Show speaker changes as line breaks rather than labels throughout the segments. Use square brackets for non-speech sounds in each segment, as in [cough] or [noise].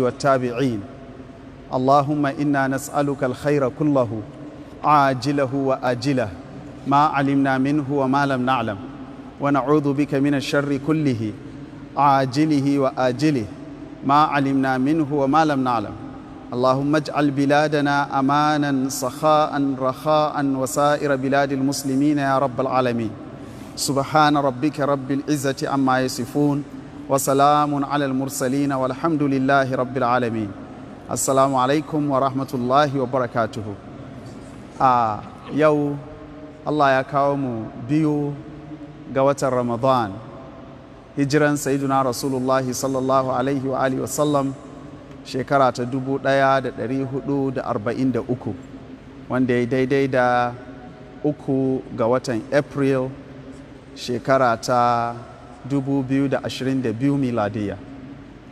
والتابعين اللهم إنا نسألك الخير كله عاجله وآجله ما علمنا منه وما لم نعلم ونعوذ بك من الشر كله عاجله وآجله ما علمنا منه وما لم نعلم اللهم اجعل بلادنا أمانا سخاء رخاء وسائر بلاد المسلمين يا رب العالمين سبحان ربك رب العزة عما يصفون وسلام على المرسلين والحمد لله رب العالمين السلام عليكم ورحمة الله وبركاته آه يو الله يكاوم بيو قوة رمضان هجرا سيدنا رسول الله صلى الله عليه وآله وسلم شكرا دريه دود أربعين دا أكو وان دي دي دي دا أكو قوة أبريل شكرا ta 2022 miladiya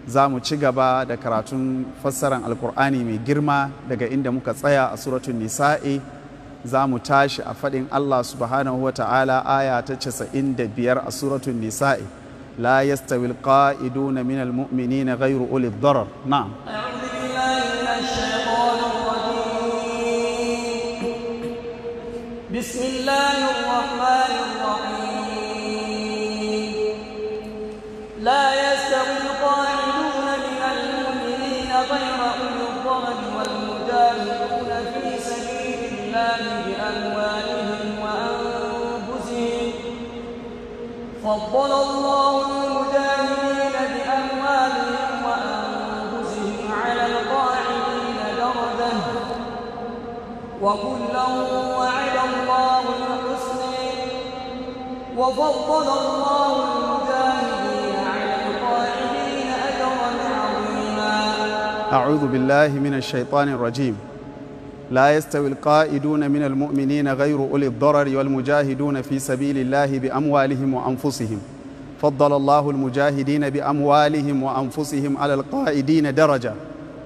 za mu ci gaba da karatun fassarar alkur'ani mai girma daga inda muka tsaya a suratun nisa'i za mu tashi a faɗin allah subhanahu wa ta'ala aya ta 95 a suratun nisa'i la yastawi minal min na gairu uli darar na'am بسم الله الرحمن الرحيم لا يستوي القاعدون من المؤمنين غير أولي الضرر والمجاهدون في سبيل الله بأموالهم وأنفسهم فضل الله المجاهدين بأموالهم وأنفسهم على القاعدين درجة وكلا وعد الله الحسنى وفضل الله أعوذ بالله من الشيطان الرجيم لا يستوي القائدون من المؤمنين غير أولي الضرر والمجاهدون في سبيل الله بأموالهم وأنفسهم فضل الله المجاهدين بأموالهم وأنفسهم على القائدين درجة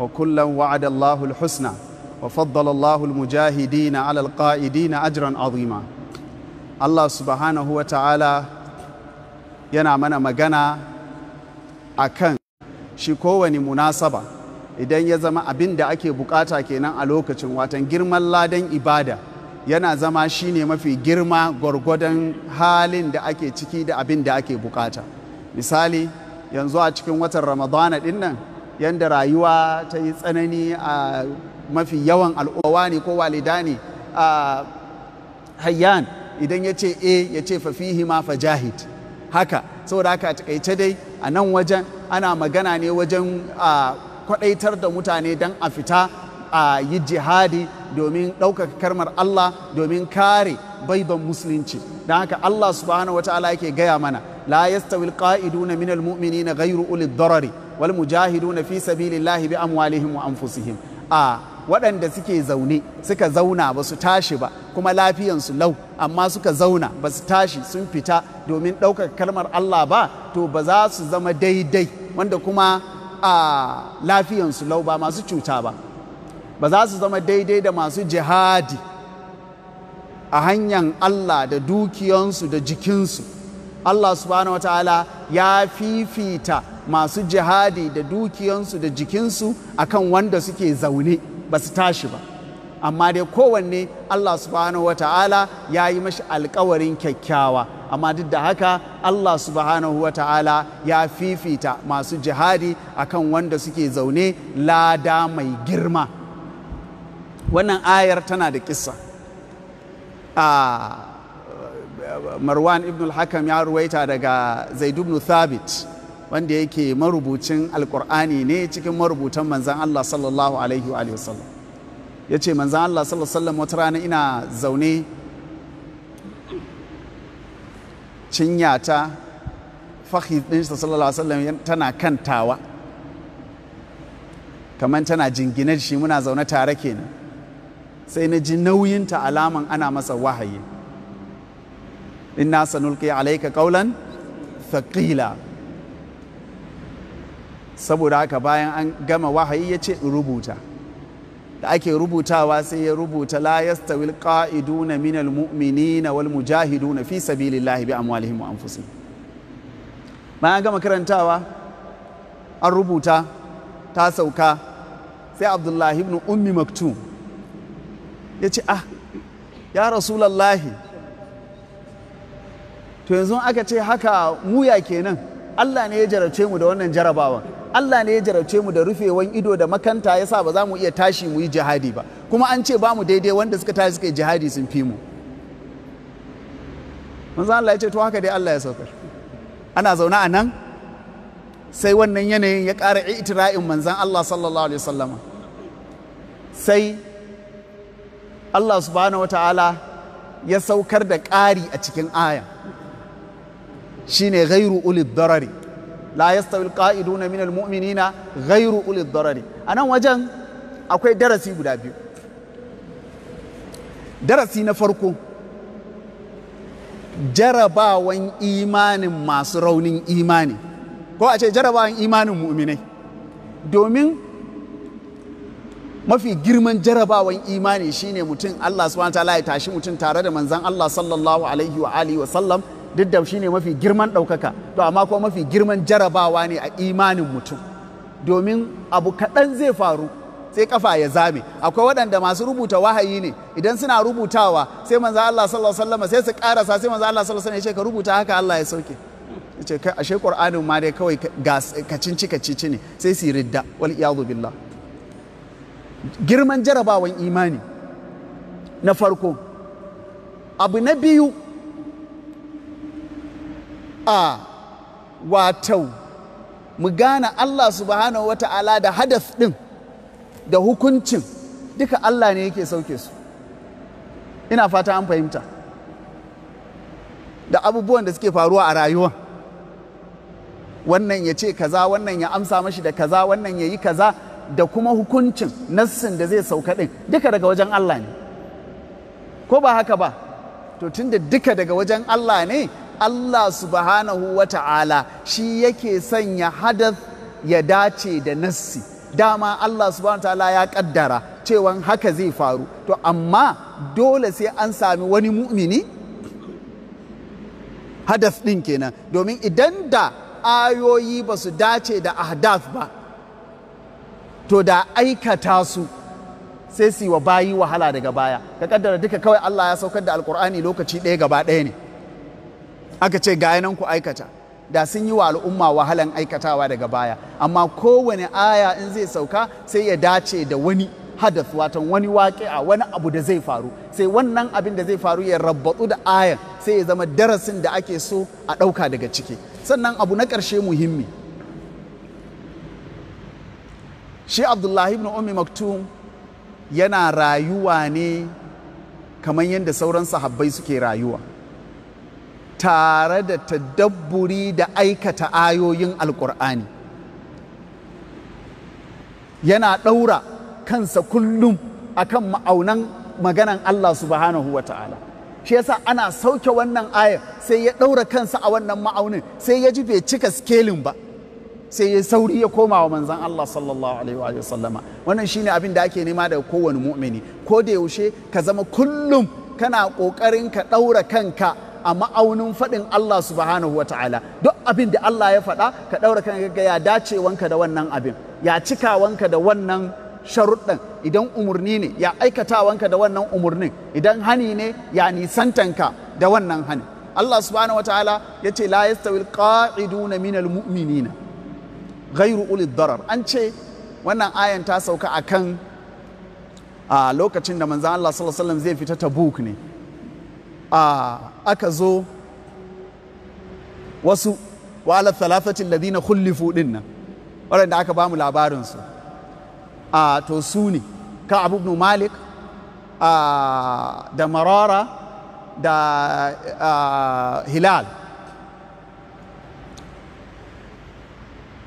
وكلا وعد الله الحسنى وفضل الله المجاهدين على القائدين أجرا عظيما Allah subhanahu wa ta'ala yana mana magana a kan shi kowane munasaba idan ya zama abin da ake bukata kenan a lokacin watan girman ladan ibada yana zama shine mafi girma gwargwadon halin da ake ciki da abin da ake bukata misali yanzu a cikin watan ramadana din nan yadda rayuwa ta yi tsanani a mafi yawan al'uwa ne ko walida ne a hayyan idan ya ce e ya ce fafihi ma fajahid haka saboda haka a takaice dai a nan wajen ana magana ne wajen kwaɗaitar da mutane don a fita a yi jihadi domin ɗaukaka karmar Allah domin kare baiban musulunci don haka Allah subhanahu wa ta'ala yake gaya mana la yastawi alqa'iduna min almu'minina ghayru ulid darari wal mujahiduna fi sabilillahi bi amwalihim wa anfusihim a waɗanda suke zaune suka zauna ba su tashi ba kuma lafiyansu lau amma suka zauna ba su tashi sun fita domin ɗaukaka kalmar Allah ba to ba za su zama daidai wanda kuma a lafiyansu lau ba masu cuta ba ba za su zama daidai da masu jihadi a hanyar Allah da dukiyansu da jikinsu Allah subhanahu wa ta'ala ya fifita masu jihadi da dukiyansu da jikinsu akan wanda suke zaune ba su tashi ba amma dai kowanne Allah subhanahu wa ta'ala ya yi mashi alkawarin kyakkyawa amma duk da haka Allah subhanahu wa ta'ala ya fifita masu jihadi akan wanda suke zaune lada mai girma wannan ayar tana da kissa marwan ibn al-hakam ya ruwaita daga zaid ibn thabit wanda yake marubucin alkur'ani ne cikin marubutan manzan Allah sallallahu alaihi wa ya ce manzan Allah sallallahu wata rana ina zaune cinya ta fahid ɗin sallallahu alaihi tana kantawa kamar tana jingine shi muna zaune tare kenan sai na ji nauyinta alaman ana masa wahayi inna sanulqi alaika ƙaulan thaqila saboda haka bayan an gama wahayi ya ce in rubuta da ake rubutawa sai ya rubuta la yastawil qa'iduna minal mu'minina wal mujahiduna fi sabilillahi bi amwalihim wa anfusihim bayan gama karantawa an rubuta ta sauka sai abdullahi ibn ummi maktum ya ce ah ya rasulallahi to yanzu aka ce haka muya kenan allah ne ya jarabce mu da wannan jarabawan Allah ne ya jarabce mu da rufewan ido da makanta ya sa ba za mu iya tashi mu yi jihadi ba kuma an ce ba mu daidai wanda suka tashi suka yi jihadi sun fi mu manzo Allah ya ce to haka dai Allah ya saukar ana zaune a nan sai wannan yanayin ya ƙara itira'in manzan Allah sallallahu alaihi wasallama sai Allah subhanahu wata'ala ya saukar da ƙari a cikin aya shine gairu ulid darari la kaidu na minal mu'minina ghairu ulid darari anan wajen akwai darasi guda biyu darasi na farko jarabawan imanin masu raunin imani ko a ce jarabawan imanin mu'minai domin mafi girman jarabawan imani shine mutum Allah subhanahu wa ta'ala ya tashi mutum tare da manzon Allah sallallahu alaihi wa alihi wa sallam duk da ne mafi girman ɗaukaka to amma kuma mafi girman jarabawa ne a imanin mutum domin abu kaɗan zai faru sai kafa ya zame akwai waɗanda masu rubuta wahayi ne idan suna rubutawa sai manzo Allah sallallahu alaihi sai su karasa sai manzo Allah sallallahu alaihi wasallam ya ce ka rubuta haka Allah ya sauke ce kai ashe Qur'anin ma dai kawai ka cinci ka cici ne sai su ridda wal iyadu billah girman jarabawan imani na farko abu na biyu a watau mu gane Allah subhanahu ta'ala da hadaf ɗin da hukuncin duka Allah ne yake sauke su ina fata an fahimta da abubuwan da suke faruwa a rayuwa wannan ya ce kaza wannan ya amsa mashi da kaza wannan ya yi kaza da kuma hukuncin nassin da zai sauka ɗin duka daga wajen Allah ne ko ba haka ba to tunda duka daga wajen Allah ne Allah subhanahu wa ta'ala shi yake sanya hadath ya dace da nassi dama Allah subhanahu wa ta'ala ya kaddara cewan haka zai faru to amma dole sai an sami wani mu'mini hadath ɗin kenan domin idan da ayoyi ba su dace da ahdath ba to da aikata su sai su yi wa bayi wahala daga baya ka kaddara duka kawai Allah ya saukar da alkur'ani lokaci ɗaya gaba ɗaya ne aka ce ga nan ku aikata da sun yi wa al'umma wahalan aikatawa daga baya amma kowane aya in zai sauka sai ya dace da wani hadath watan wani a wani abu da zai faru sai wannan abin da zai faru ya rabbatu da ayan sai ya zama darasin da ake so a ɗauka daga ciki sannan abu na ƙarshe muhimmi shi abdullahi ibn umi maktum yana rayuwa ne kamar yadda sauran sahabbai suke rayuwa tare da tadabburi da aikata ayoyin alkur'ani yana ɗaura kansa kullum akan ma'aunan maganan Allah subhanahu wa ta'ala shi yasa ana sauke wannan ayar sai ya ɗaura kansa a wannan ma'aunin sai ya ji bai cika skelin ba sai ya sauri ya koma wa manzan Allah sallallahu alaihi wa sallama wannan shine abin da ake nema daga kowane mu'mini ko da yaushe ka zama kullum kana ƙoƙarin ka ɗaura kanka a ma'aunin faɗin Allah subhanahu wa ta'ala duk abin da Allah ya faɗa ka ɗaura kan ga ya dace wanka da wannan abin ya cika wanka da wannan sharuɗɗan idan umarni ne ya aikata wanka da wannan umarnin idan hani ne ya nisantanka da wannan hani Allah subhanahu wa ta'ala ya ce la yastawil qa'iduna minal mu'minina ghairu uli darar an ce wannan ayan ta sauka akan a lokacin da manzan Allah sallallahu alaihi wasallam zai fita Tabuk ne aka zo wasu wa ala thalathatin ladina khullifu din nan waɗanda aka bamu labarin su a to su ne ka malik a da marara da hilal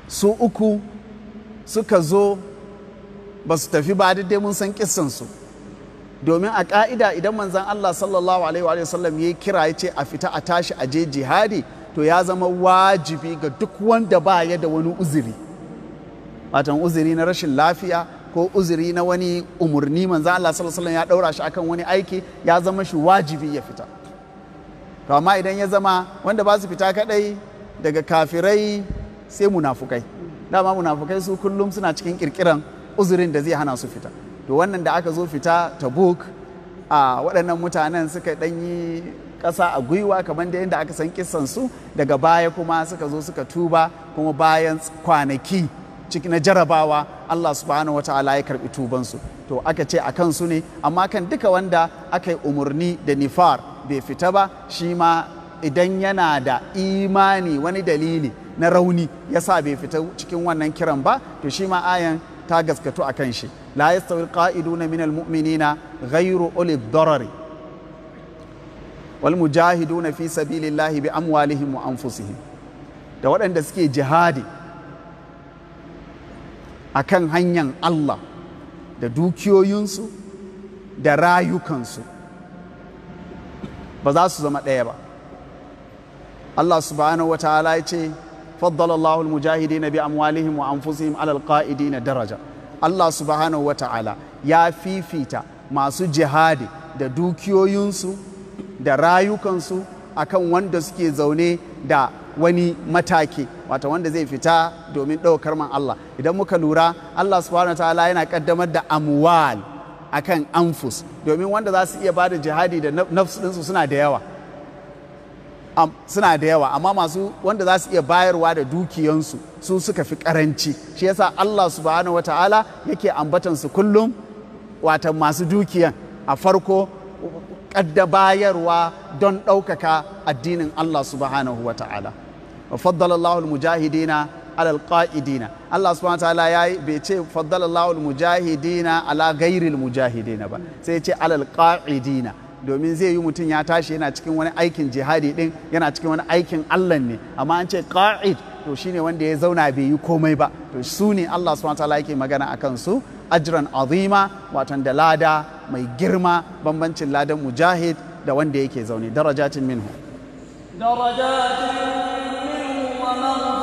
su uku suka zo ba su tafi ba daidai mun san kissansu su domin a ka'ida idan manzan Allah sallallahu alaihi wa sallam ya kira ya ce a fita a tashi a je jihadi to ya zama wajibi ga duk wanda ba ya da wani uzuri watan uzuri na rashin lafiya ko uzuri na wani umurni manzan Allah sallallahu alaihi ya daura shi akan wani aiki ya zama shi wajibi ya fita to amma idan ya zama wanda ba su fita kadai daga kafirai sai munafukai dama munafukai su kullum suna cikin kirkiran uzurin da zai hana su fita to wannan da aka zo fita tabuk a waɗannan mutanen suka ɗan yi ƙasa a gwiwa kamar da yadda aka san kissan su daga baya kuma suka zo suka tuba kuma bayan kwanaki ciki na jarabawa Allah subhanahu wata'ala ya karɓi tubansu to aka ce a su ne amma kan duka wanda aka yi umarni da nifar bai fita ba shi ma idan yana da imani wani dalili na rauni ya sa bai fita cikin wannan kiran ba to shi ma ayan ta gaskatu a kan shi la na minal mumini na ghayru Dorari. darari wal na fi lillahi bi amwalihim wa anfusihim da waɗanda suke jihadi akan hanyar Allah da dukiyoyinsu da rayukansu ba za su zama ɗaya ba Allah subhanahu wa ta'ala ya ce فضل الله المجاهدين bi amwalihim على القائدين درجة الله daraja Allah يا wa ta'ala ya fifita masu jihadi da dukiyoyinsu da rayukansu akan wanda suke zaune da wani mataki wata wanda zai fita domin ɗaukar man Allah idan muka lura Allah subhanahu ta'ala yana kaddamar da amwal akan anfus domin wanda za su iya bada jihadi da nafsu ɗinsu suna da yawa suna da yawa amma masu wanda za su iya bayarwa da dukiyansu su suka fi karanci shi yasa Allah subhanahu wata'ala yake ambatan su kullum wata masu dukiyan a farko kadda bayarwa don ɗaukaka addinin Allah subhanahu wata'ala wa faddala Allahul mujahidina alal qa'idina Allah subhanahu wataala ya bai ce faddala Allahul mujahidina ala gairil mujahidina ba sai ce alal qa'idina domin zai yi mutum ya tashi yana cikin wani aikin jihadi din yana cikin wani aikin Allah ne amma an ce qa'id to shine wanda ya zauna bai yi komai ba to su ne Allah subhanahu wataala yake magana akan su ajran azima watan da lada mai girma bambancin ladan mujahid da wanda yake zaune darajatin minhu darajatin minhu wa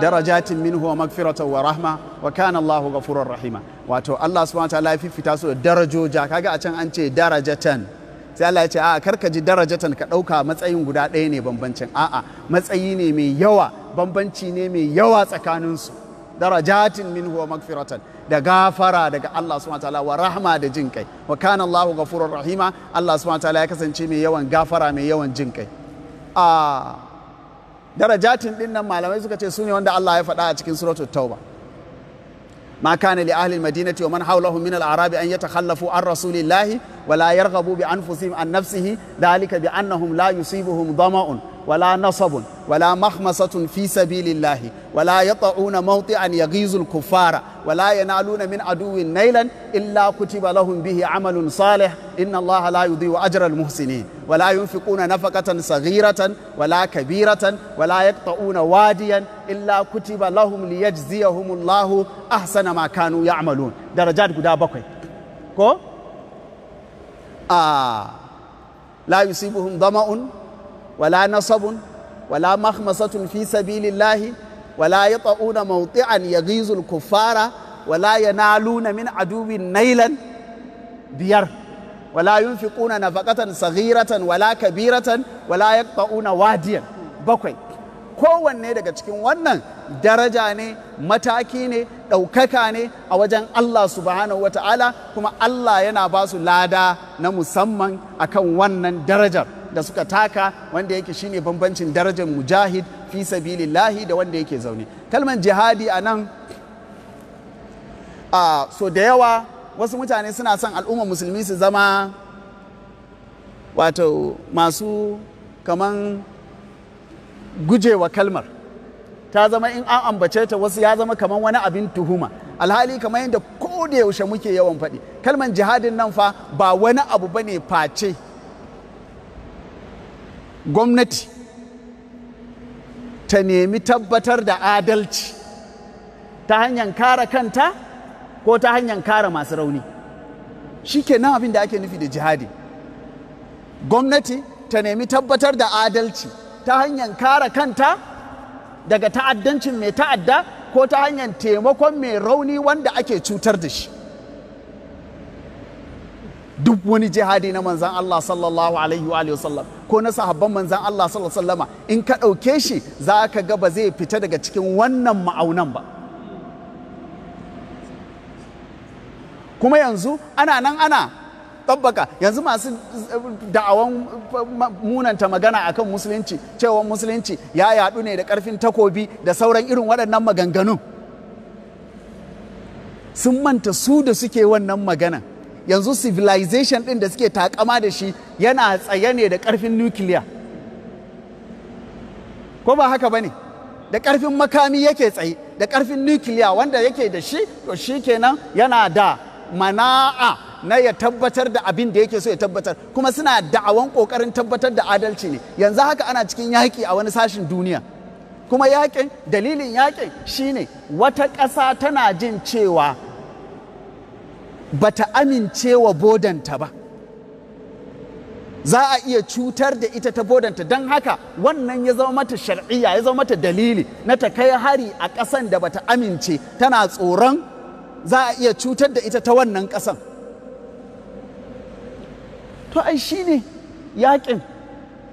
darajatin minhu wa magfiratan wa rahma wa kana Allahu ghafurur rahima wato Allah subhanahu wataala ya fifita su da darajoja kaga a can an ce darajatan sai Allah ya ce a karka ji darajatan ka dauka matsayin guda ɗaya ne bambancin a matsayi ne mai yawa bambanci ne mai yawa tsakaninsu darajatin minhu wa magfiratan da gafara daga Allah subhanahu wataala wa rahma da jin kai wa kana Allahu ghafurur rahima Allah subhanahu wataala ya kasance mai yawan gafara mai yawan jin kai a ah. darajatin din nan malamai suka ce ne wanda Allah ya faɗa a cikin suratul tauba ma kana li ahli almadinati wa man hawlahum min al-a'rab an yatakhallafu an rasulillahi wa la yarghabu bi anfusihim an nafsihi dhalika bi annahum la yusibuhum dhama'un ولا نصب ولا مخمصة في سبيل الله ولا يطعون موطئا يغيظ الكفار ولا ينالون من عدو نيلا إلا كتب لهم به عمل صالح إن الله لا يضيع أجر المحسنين ولا ينفقون نفقة صغيرة ولا كبيرة ولا يقطعون واديا إلا كتب لهم ليجزيهم الله أحسن ما كانوا يعملون درجات قد بقي كو آه لا يصيبهم ضمأ wala nasabun wala mahmasatun fi sabilillahi wala yata'una mawti'an yaghizul kuffara wala yanaluna min adubin nailan biyar wala yunfiquna nafaqatan saghiratan wala kabiratan wala yaqta'una wadiyan bakwai kowanne daga cikin wannan daraja ne mataki ne ɗaukaka ne a wajen Allah subhanahu wa ta'ala kuma Allah yana basu lada na musamman akan wannan darajar da suka taka wanda yake shine bambancin darajar mujahid fi sabilillahi da wanda yake zaune kalman jihadi a nan so da yawa wasu mutane suna son al'umma musulmi su zama wato masu kaman gujewa kalmar ta zama in an ambace ta wasu ya zama kaman wani abin tuhuma alhali kamar yadda ko da yaushe muke yawan faɗi kalman jihadin nan fa ba wani abu bane face gwamnati ta nemi tabbatar da adalci ta hanyar kare kanta ko ta hanyar kare masu rauni shi nan abin da ake nufi da jihadi gwamnati ta nemi tabbatar da adalci ta hanyar kare kanta daga ta'addancin mai ta'adda ko ta hanyar taimakon mai rauni wanda ake cutar da shi duk wani jihadi na manzan Allah sallallahu alaihi wa sallam ko na sahabban manzan Allah sallallahu alaihi wa in ka ɗauke shi za ka ga ba zai fita daga cikin wannan ma'aunan ba kuma yanzu ana nan ana tabbaka yanzu masu da'awan munanta magana a kan musulunci cewa musulunci ya yaɗu ne da ƙarfin takobi da sauran irin waɗannan maganganu, sun manta su da suke wannan maganan yanzu civilization ɗin da suke takama da shi yana tsaye ne da ƙarfin nukiliya ko ba haka ba ne da ƙarfin makami yake tsaye da ƙarfin nukiliya wanda yake da shi to shi kenan yana da mana'a na ya tabbatar da abin da yake so ya tabbatar kuma suna da'awan ƙoƙarin tabbatar da adalci ne yanzu haka ana cikin yaƙi a wani sashin duniya kuma yaƙin dalilin yaƙin shine wata ƙasa tana jin cewa ba ta amince wa bodanta ba za a iya cutar da ita ta bodanta don haka wannan ya zama mata shar'iyya ya zama mata dalili na ta kai hari a ƙasan da ba ta amince tana tsoron za a iya cutar da ita ta wannan ƙasan to ai shine yaƙin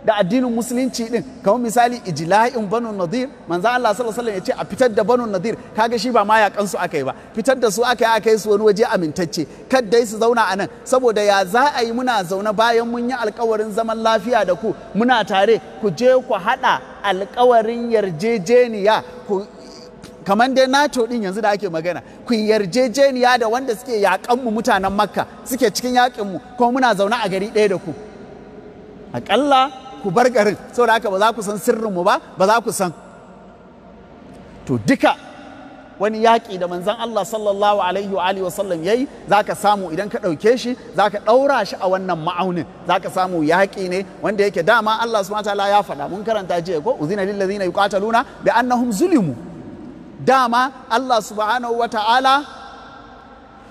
da addinin musulunci din kamar misali ijla'in banu nadir manzo Allah sallallahu alaihi wasallam ya ce a fitar da banu nadir kaga shi ba ma yakan su akai ba fitar da su akai akai su wani waje amintacce kad dai su zauna anan saboda ya za a yi muna zaune bayan mun yi alkawarin zaman lafiya da ku muna tare ku je ku hada alkawarin yarjejeniya ku kamar dai nato din yanzu da ake magana ku yarjejeniya da wanda suke yakan mu mutanen makka suke cikin yakin mu kuma muna zaune a gari ɗaya da ku aƙalla ku bar garin saboda haka ba za ku san sirrinmu ba ba za ku san to duka wani yaƙi da manzan Allah sallallahu alaihi wa alihi yi yayi zaka samu idan ka ɗauke shi zaka ɗaura shi a wannan ma'aunin zaka samu yaƙi ne wanda yake dama Allah subhanahu la ya faɗa mun karanta jiya ko uzina lil ladzina yuqataluna bi annahum zulimu dama Allah subhanahu wataala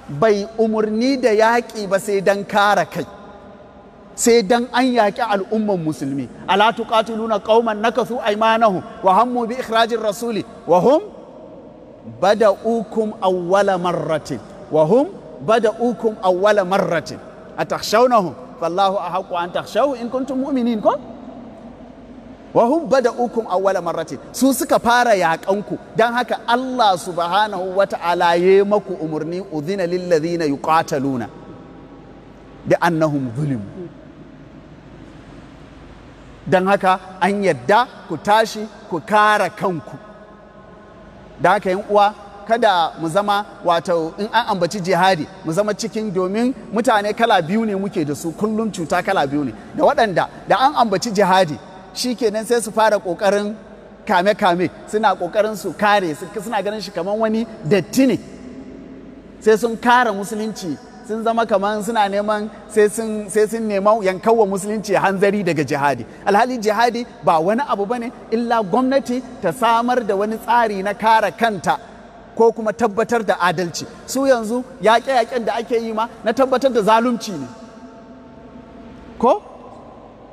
bai umurni da yaƙi ba sai dan kare kai sai dan an yaƙi al'umman musulmi ala tuqatiluna qauman nakathu aymanahum wa hammu bi ikhrajir rasuli wa hum bada'ukum awwala marratin wa hum bada'ukum awwala marratin atakhshawnahum fallahu ahqqu an takhshaw in kuntum mu'minin ko wa hum bada'ukum awwala marratin su suka fara yaƙanku dan haka Allah subhanahu wata'ala yayi maku umurni udhina lil ladina yuqataluna bi annahum zulimu don haka an yadda ku tashi ku kara kanku da haka yin uwa kada mu zama wato in an ambaci jihadi mu zama cikin domin mutane kala biyu ne muke da su kullum cuta kala biyu ne da waɗanda da an ambaci jihadi shi kenan sai su fara ƙoƙarin kame-kame suna ƙoƙarin su kare suna ganin shi kamar wani datti ne sai sun kare musulunci sun zama kamar suna neman sai sun nema wa musulunci hanzari daga jihadi alhali jihadi ba wani abu bane illa gwamnati ta samar da wani tsari na kare kanta ko kuma tabbatar da adalci su yanzu yaƙe-yaƙen da ake yi ma na tabbatar da zalunci ne ko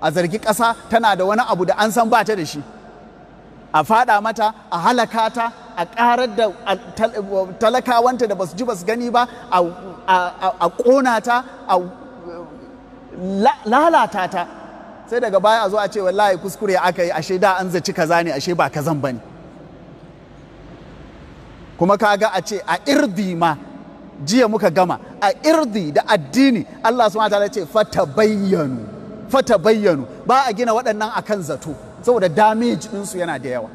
a zargi ƙasa tana da wani abu da an san ba ta da shi a faɗa mata a halaka ta a ƙarar da talakawanta da basu ji basu gani ba a ƙona ta a lalata ta sai daga baya a zo a ce wallahi kuskure aka yi ashe da an zaci kaza ne ashe ba kazan ba ne kuma kaga a ce a irdi ma jiya muka gama a irdi da addini Allah su mata ce fata bayyanu fata bayyanu ba a gina waɗannan akan zato saboda damage ɗinsu yana da yawa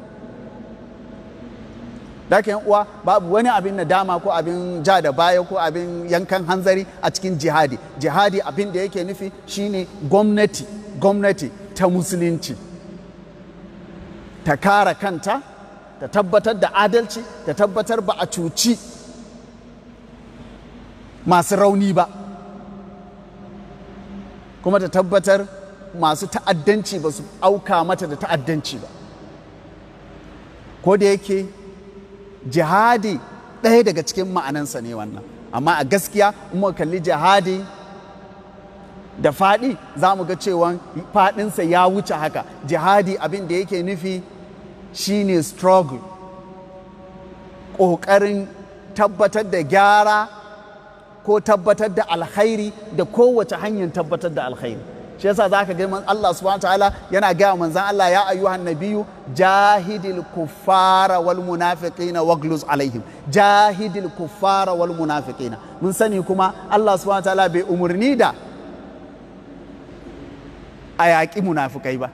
da yan uwa babu wani abin nadama ko abin ja da baya ko abin yankan hanzari a cikin jihadi jihadi abin da yake nufi shine gwamnati gwamnati ta musulunci ta kara kanta ta tabbatar da adalci ta tabbatar ba a cuci masu rauni ba kuma ta tabbatar masu ta'addanci ba su auka mata da ta'addanci ba ko da yake jihadi ɗaya daga cikin ma'anansa ne wannan amma a gaskiya in muka kalli jihadi da faɗi za mu ga cewa faɗinsa ya wuce haka jihadi abin da yake nufi shine struggle ƙoƙarin tabbatar da gyara ko tabbatar da alkhairi da kowace hanyar tabbatar da alkhairi shi yasa zaka ga Allah subhanahu ta'ala yana ga manzan Allah ya ayyuhan nabiyyu jahidil kuffara wal munafiqina wagluz alaihim jahidil kuffara wal munafiqina mun sani kuma Allah subhanahu ta'ala bai umurni da a yaƙi munafikai ba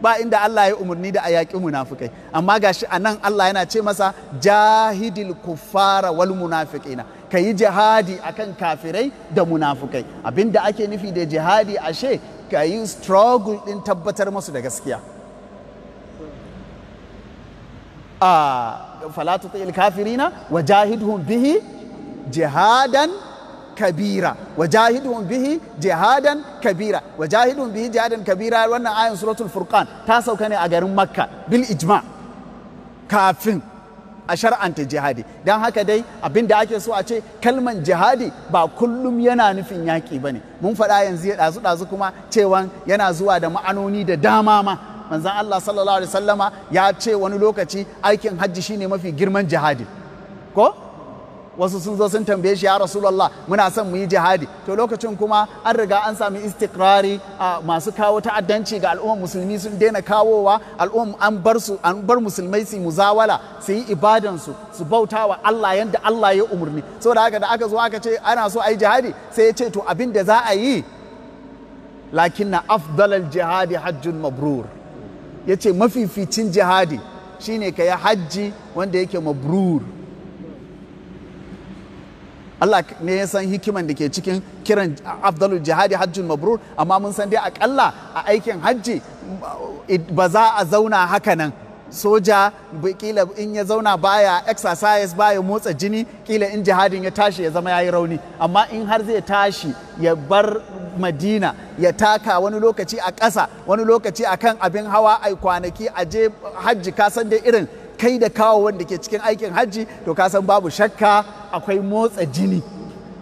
ba inda Allah ya umarni da a yaƙi munafikai amma gashi a nan Allah yana ce masa jahidil kuffara wal munafiqina ka yi jihadi akan kafirai da munafikai abinda ake nufi da jihadi ashe ka yi struggle ɗin tabbatar masu da gaskiya a falatu ta ilkafirina wa jahidhum bihi jihadan kabira wa jahidhum bihi jihadan kabira wa jahidhum bihi jihadan kabira wannan ayan suratul furqan ta sauka ne a garin makka bil ijma kafin a shar'anta jihadi don haka dai abin da ake so a ce kalman jihadi ba kullum yana nufin yaƙi ba ne mun faɗa yanzu ya ɗazu ɗazu kuma cewa yana zuwa da ma'anoni da dama ma manzan Allah sallallahu alaihi wasallama ya ce wani lokaci aikin hajji shine mafi girman jihadi ko wasu sun zo sun tambaye shi ya rasulullah muna son mu yi jihadi to lokacin kuma an riga an sami istikrari a masu kawo ta'addanci ga al'ummar musulmi sun daina kawowa al'ummar an bar su an bar musulmai su muzawala su yi ibadan su su bauta wa Allah yanda Allah ya umurni saboda haka da aka zo aka ce ana so a yi jihadi sai ya ce to abin da za a yi na afdalal jihadi hajjun mabrur ya ce mafificin jihadi shine ka yi hajji wanda yake mabrur Allah ne ya san hikiman da ke cikin kiran Abdullahi jihadi hajjun mabrur amma mun san dai akalla a aikin hajji ba za a zauna haka nan soja kila in ya zauna baya exercise baya motsa jini kila in jihadin ya tashi ya zama yayi rauni amma in har zai tashi ya bar madina ya taka wani lokaci a ƙasa wani lokaci akan abin hawa ai kwanaki a je hajji san dai irin kai da kawo wanda ke cikin aikin hajji to ka san babu shakka akwai motsa jini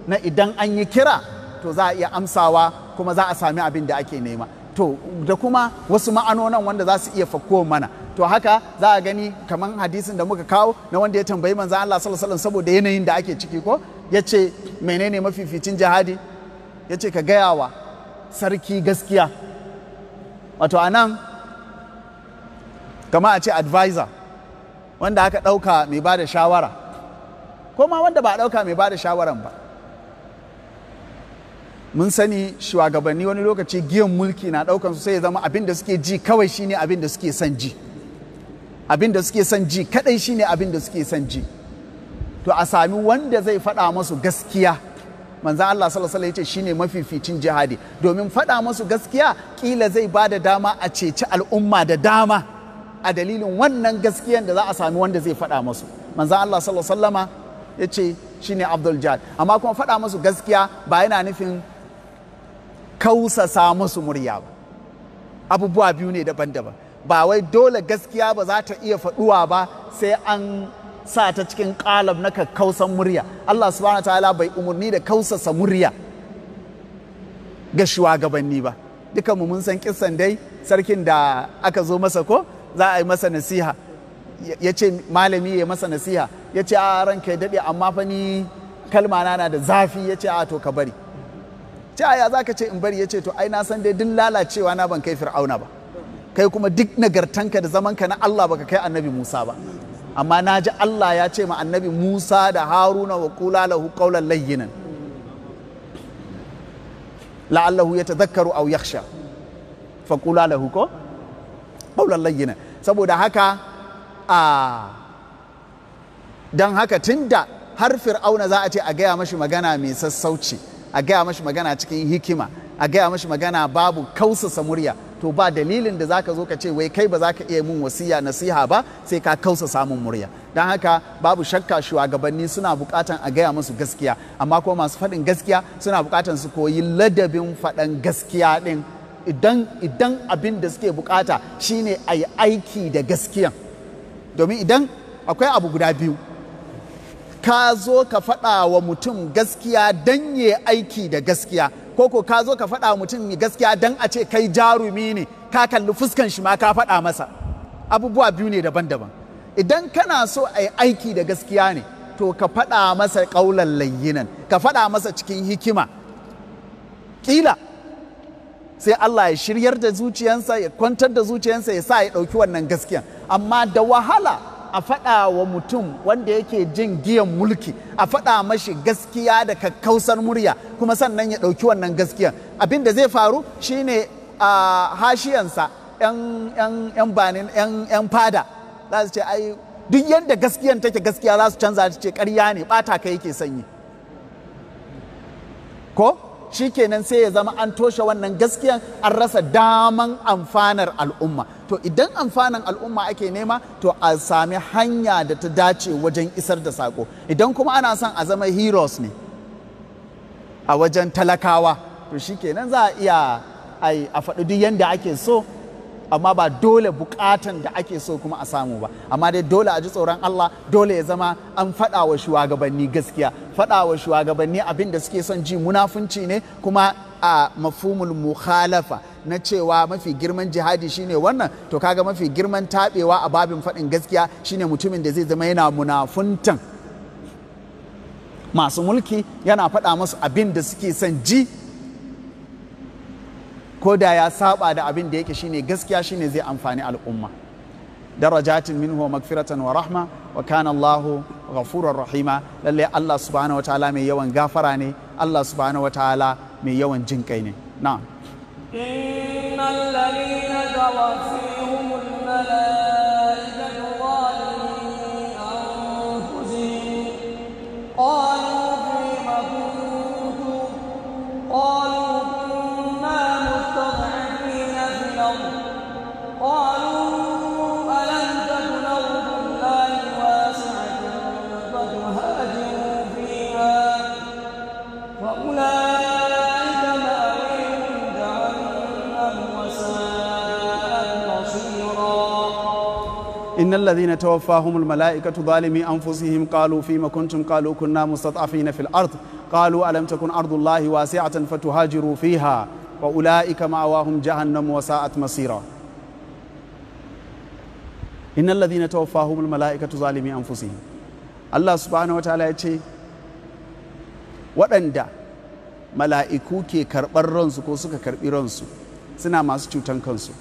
na idan an yi kira to za a iya amsawa kuma za a sami abin da ake nema to da kuma wasu ma'anonan wanda za su iya fakko mana to haka za a gani kamar hadisin da muka kawo na wanda ya tambayi manzan Allah sallallahu alaihi saboda yanayin da ake ciki ko ya ce menene mafificin jihadi ya ce ka gaya wa sarki gaskiya wato a nan kama a ce advisor wanda aka ɗauka mai ba da shawara ko ma wanda ba a ɗauka mai ba da shawaran ba mun sani shugabanni wani lokaci giyan mulki na ɗaukan su sai ya zama abin da suke ji kawai shine abin da suke son ji abin da suke son ji kadai shine abin da suke son ji to a sami wanda zai faɗa masu gaskiya manzan Allah sallallahu alaihi wasallam shine mafificin jihadi domin faɗa masu gaskiya kila zai ba da dama a ceci al'umma da dama a dalilin wannan gaskiyan da za a sami wanda zai faɗa masu manzan Allah sallallahu sallama ya ce shine Abdul Jad amma kuma faɗa masu gaskiya ba yana nufin kausasa masu murya ba abubuwa biyu ne daban-daban ba wai dole gaskiya ba za ta iya faɗuwa ba sai an sa ta cikin ƙalab na kakkausan murya Allah subhanahu ta'ala bai umarni da kausasa murya ga shugabanni ba dukanmu mun san kisan dai sarkin da aka zo masa ko za a yi masa nasiha ya ce malami ya masa nasiha ya ce a ranka ya daɗe amma fa ni kalma na da zafi ya ce a to ka bari ce a ya za ka ce in bari ya ce to ai na san dai duk lalacewa na ban kai fir'auna ba kai kuma duk nagartanka da zamanka na Allah baka kai annabi Musa ba amma na ji Allah ya ce ma annabi Musa da Haruna wa kula lahu qawlan layyinan la'allahu yatadhakkaru aw yakhsha fa kula lahu ko qawlan layyinan saboda haka a don haka tunda har fir'auna za a ce a gaya mashi magana mai sassauci a gaya mashi magana cikin hikima a gaya mashi magana babu kausasa murya to ba dalilin da za ka zo ka ce wai kai ba za ka iya mun wasiya nasiha ba sai ka kausa samun murya don haka babu shakka shugabanni suna bukatan a gaya musu gaskiya amma kuma masu faɗin gaskiya suna bukatan su koyi ladabin faɗan gaskiya ɗin idan idan abin da suke bukata shine a yi aiki da gaskiya domin idan akwai abu guda biyu ka zo ka faɗa wa mutum gaskiya don ya aiki da gaskiya ko ko ka zo ka faɗa wa mutum gaskiya don a ce kai jarumi ne ka kalli fuskan shi ma ka faɗa masa abubuwa biyu ne daban-daban idan kana so a yi aiki da gaskiya ne to ka faɗa masa ƙaunar layyinan ka faɗa masa cikin hikima ƙila sai Allah ya shiryar da zuciyansa ya kwantar da zuciyansa ya sa ya ɗauki wannan gaskiya amma da wahala a faɗa wa mutum wanda yake jin giyan mulki a faɗa mashi gaskiya da kakkausar murya kuma sannan ya ɗauki wannan gaskiya abin da zai faru shine a hashiyansa yan banin yan fada za su ce ai duk yadda gaskiyan take gaskiya za su canza su ce ƙarya ne ɓata ka yake sanyi ko shi kenan sai ya zama an toshe wannan gaskiya an rasa daman amfanar al'umma to idan amfanan al'umma ake nema to a sami hanya da ta dace wajen isar da sako idan kuma ana son a zama heroes ne a wajen talakawa to shikenan za a iya a faɗi duk yadda ake so amma ba dole bukatan da ake so kuma a samu ba amma dai dole a ji tsoron Allah dole ya zama an faɗa wa shugabanni gaskiya faɗa wa shugabanni abin da suke son ji munafunci ne kuma a mafumul mukhalafa na cewa mafi girman jihadi shine wannan to kaga mafi girman tabewa a babin faɗin gaskiya shine mutumin da zai zama yana munafuntan masu mulki yana faɗa musu abin da suke son ji ko da ya saba da abin da yake shine gaskiya shine zai amfani al'umma darajatin minhu wa magfiratan wa rahma wa kana Allahu ghafurur rahima lalle Allah subhanahu wataala mai yawan gafara ne Allah subhanahu wataala mai yawan jin kai ne na'am innal ladina innal ladhina tawaffahumul mala'ikatu zalimi anfusihim qalu fima kuntum qalu kunna mustat'afina fil ard qalu alam takun ardullahi wasi'atan fatuhajiru fiha wa ulaika ma'awahum jahannam wa sa'at masira innal ladhina tawaffahumul mala'ikatu zalimi anfusihim Allah subhanahu wataala ya ce waɗanda mala'iku ke karɓar ransu ko suka karɓi ransu suna masu cutan kansu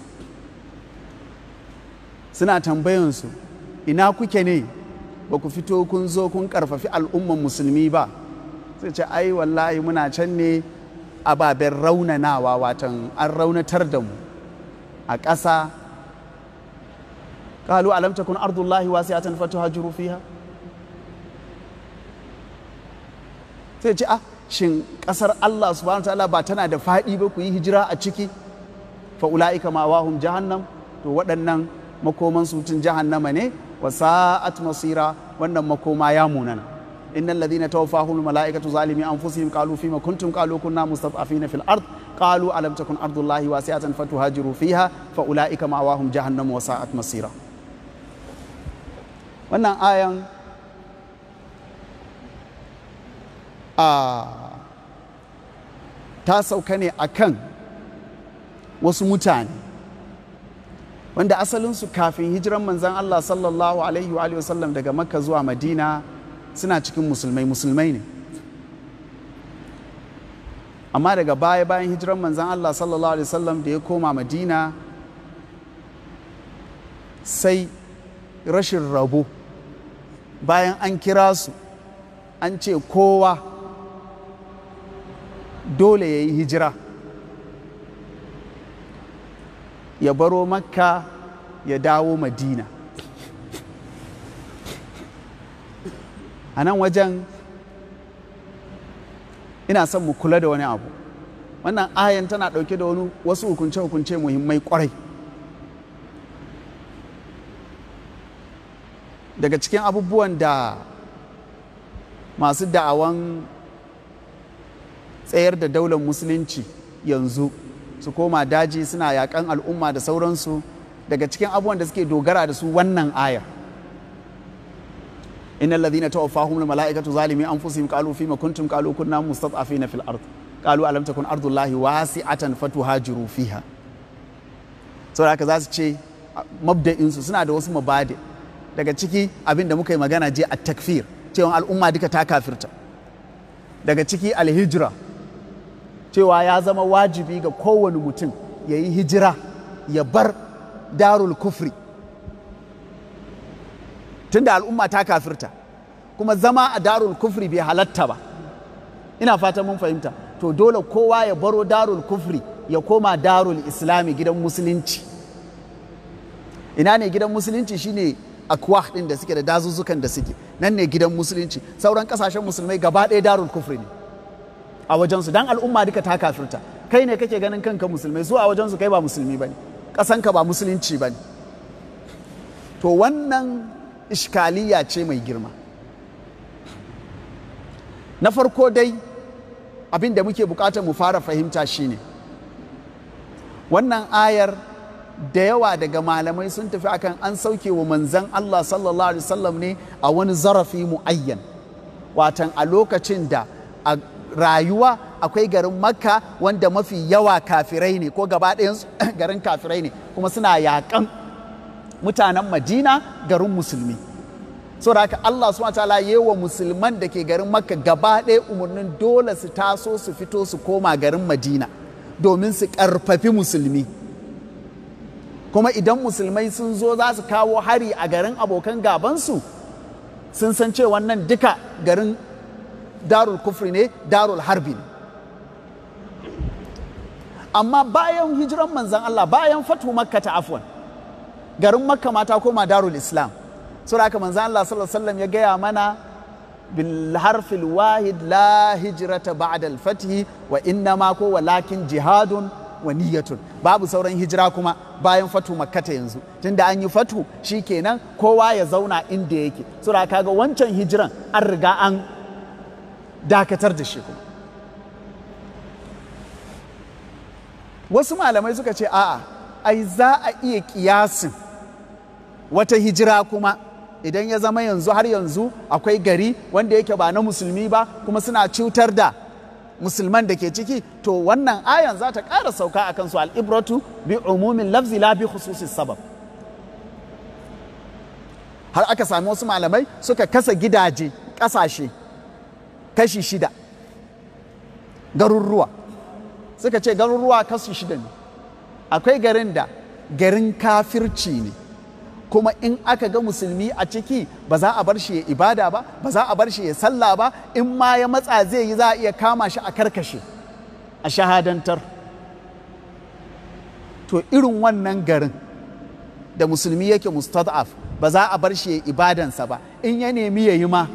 suna tambayansu ina kuke ne ba ku fito kun zo kun karfafi al'umman musulmi ba sai ce ai wallahi muna can ne ababen raunanawa watan an raunatar da mu a ƙasa kalu alam takun ardullahi wasi'atan hajjuru fiha sai ce ah shin ƙasar Allah subhanahu ta'ala ba tana da faɗi ba ku yi hijira a ciki fa ula'ika ma wahum jahannam to waɗannan makoman su tun jahannama ne wa sa'at masira wannan makoma ya munana innal ladhina tawaffahum malaikatu zalimi anfusihim qalu fima kuntum qalu kunna mustad'afina fil ard qalu alam takun ardullahi wasi'atan fatuhajiru fiha fa ulaika ma'awahum jahannamu wa sa'at masira wannan ayan a ta sauka ne akan wasu mutane wanda asalinsu kafin hijiran manzan Allah sallallahu alaihi wa daga makka zuwa madina suna cikin musulmai musulmai ne amma daga baya bayan hijiran manzan Allah sallallahu alaihi wasallam da ya koma madina sai rashin rabo bayan an kira su an ce kowa dole ya yi hijira ya baro makka ya dawo madina a nan wajen ina son mu kula da wani abu wannan ayan tana ɗauke da wasu hukunce-hukunce muhimmai kwarai daga cikin abubuwan da masu da'awan tsayar da daular musulunci yanzu su koma daji suna yakan al'umma da sauransu daga cikin abubuwan da suke dogara da su wannan aya innal ladhina tawaffahum al mala'ikatu zalimi anfusihim qalu fima kuntum qalu kunna mustad'afina fil ard qalu alam takun ardullahi wasi'atan fatuhajiru fiha saboda haka za su ce mabda'in su suna da wasu mabade. daga ciki abin da muka yi magana je a takfir cewa al'umma duka ta kafirta daga ciki alhijra cewa ya zama wajibi ga kowane mutum ya yi hijira ya bar darul kufri tunda al'umma ta kafirta kuma zama a darul kufri bai halatta ba ina fata mun fahimta to dole kowa ya baro darul kufri ya koma darul islami gidan musulunci ina ne gidan musulunci shine akwah din da suke da dazuzzukan da suke nan ne gidan musulunci sauran kasashen musulmai gaba ɗaya darul kufri ne a wajensu dan al'umma duka ta kafirta kai ne kake ganin kanka musulmai su a wajensu kai ba musulmi bane Kasanka ba musulunci bane to wannan iskaliya ce mai girma na farko dai abin da muke bukatar mu fara fahimta shine wannan ayar da yawa daga malamai sun tafi akan an sauke wa manzan Allah sallallahu alaihi wasallam ne a wani zarafi mu'ayyan watan a lokacin da rayuwa akwai garin makka wanda mafi yawa kafirai ne ko gaba [coughs] garin kafirai ne kuma suna yaƙan mutanen madina garin musulmi saboda haka Allah subhanahu ta'ala yi wa musulman da ke garin makka gaba ɗaya umarnin dole su taso su fito su koma garin madina domin su karfafi musulmi kuma idan musulmai sun zo za su kawo hari a garin abokan gabansu sun san ce wannan duka garin darul kufri ne darul harbi ne amma bayan hijiran manzan Allah bayan fatu makka ta afwan garin makka ma ta koma darul islam saboda haka manzan Allah sallallahu alaihi ya gaya mana bil harfil wahid la hijrata ba'da al fathi wa inna ma ko walakin jihadun wa niyyatun babu sauran hijira kuma bayan fatu makka ta yanzu tunda an yi fatu shikenan kowa ya zauna inda yake saboda ga wancan hijiran an riga an dakatar da shi kuma wasu malamai suka ce a'a ai za a iya kiyasin wata hijira kuma idan ya zama yanzu har yanzu akwai gari wanda yake ba na musulmi ba kuma suna cutar da musulman da ke ciki to wannan ayan za ta ƙara sauka a kansu al'ibratu bi umumin lafzi la bi sabab har aka sami wasu malamai suka kasa gidaje ƙasashe kashi shida garuruwa suka ce garuruwa kashi shida ne akwai garin da garin kafirci ne kuma in aka ga musulmi a ciki ba za a bar shi ya ibada ba ba za a bar shi ya sallah ba in ma ya matsa zai yi za a iya kama shi a karkashe a shahadantar to irin wannan garin da musulmi yake mustad'af ba za a bar shi ya ibadansa ba in ya nemi ya yi ma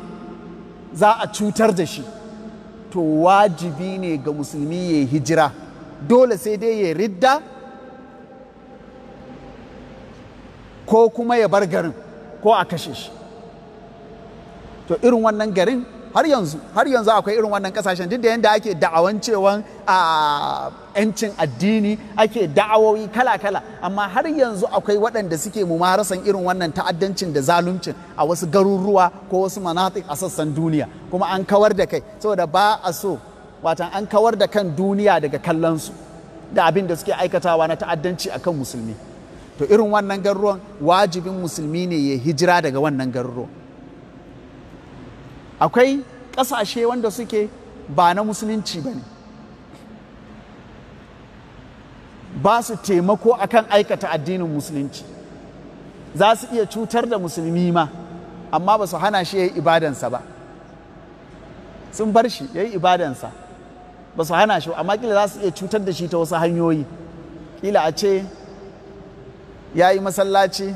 za a cutar da shi to wajibi ne ga musulmi ya hijira dole sai dai ya ridda ko kuma ya bar garin ko a kashe shi to irin wannan garin har yanzu har yanzu akwai irin wannan kasashen duk da yadda ake da'awan cewa a yancin addini ake da'awoyi kala-kala amma har yanzu akwai waɗanda suke mumarasan irin wannan ta'addancin da zaluncin a wasu garuruwa ko wasu manatik a sassan duniya kuma an kawar da kai saboda ba a so watan an kawar da kan duniya daga kallon su da abin da suke aikatawa na ta'addanci akan musulmi to irin wannan garuruwan wajibin musulmi ne ya hijira daga wannan garuruwan akwai ƙasashe wanda suke ba na musulunci ba ne ba su taimako akan aikata addinin musulunci za su iya cutar da musulmi ma amma ba su hana shi ya yi ibadansa ba sun bar shi ya yi ibadansa ba su hana shi amma kila za su iya cutar da shi ta wasu hanyoyi kila a ce ya yi masallaci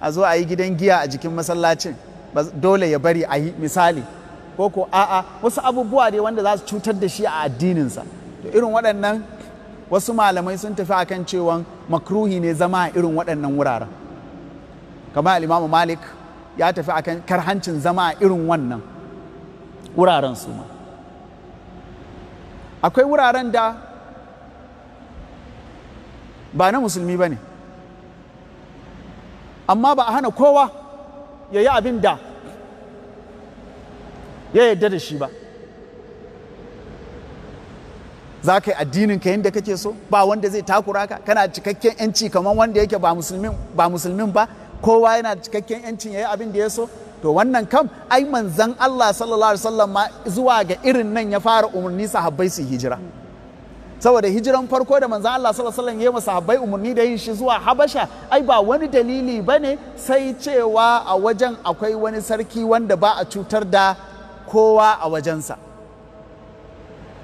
a zo a yi gidan giya a jikin masallacin dole ya bari a yi misali ko ko a'a wasu abubuwa ne wanda za su cutar da shi a addininsa to irin waɗannan wasu malamai sun tafi akan cewa makruhi ne zama a irin waɗannan wuraren kamar al'imamu malik ya tafi akan karhancin zama a irin wannan wuraren su ma akwai wuraren da ba na musulmi ba ne amma ba a hana kowa ya yi abin da ya yarda da shi ba za ka yi addinin ka yadda kake so ba wanda zai takura ka kana cikakken yanci kamar wanda yake ba musulmin ba kowa yana cikakken yanci ya yi abin da ya so to wannan kam ai manzan Allah sallallahu alaihi wasallam ma zuwa ga irin nan ya fara umarni sahabbai su hijira saboda hijiran farko da manzan Allah sallallahu alaihi wasallam ya sahabbai umarni da yin shi zuwa Habasha ai ba wani dalili bane sai cewa a wajen akwai wani sarki wanda ba a cutar da kowa a wajensa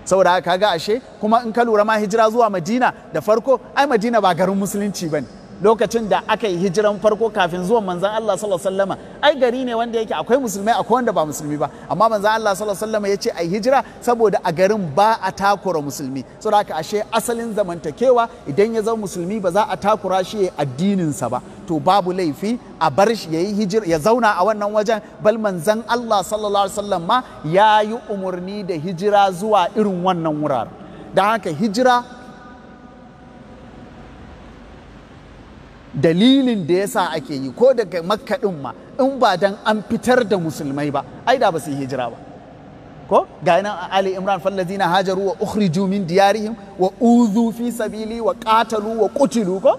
saboda haka ashe kuma in ka lura ma hijira zuwa Madina da farko ai Madina ba garin musulunci bane lokacin da aka yi hijiran farko kafin zuwan manzan Allah sallallahu alaihi wasallam ai gari ne wanda yake akwai musulmai akwai wanda ba musulmi ba amma manzan Allah sallallahu alaihi wasallam ya ce ai hijira saboda a garin ba a takura musulmi saboda haka ashe asalin zamantakewa idan ya zama musulmi ba za a takura shi addinin sa ba to babu laifi a bar shi yayi hijira ya zauna a wannan wajen bal manzan Allah sallallahu alaihi wasallam ma ya yi umurni da hijira zuwa irin wannan wurare dan haka hijira dalilin da yasa ake yi ko daga makka din ma in ba dan an fitar da musulmai ba ai da ba su yi hijira ba ko ga nan ali imran ladina hajaru wa ukhriju min diyarihim wa uzu fi sabili wa qatalu wa qutilu ko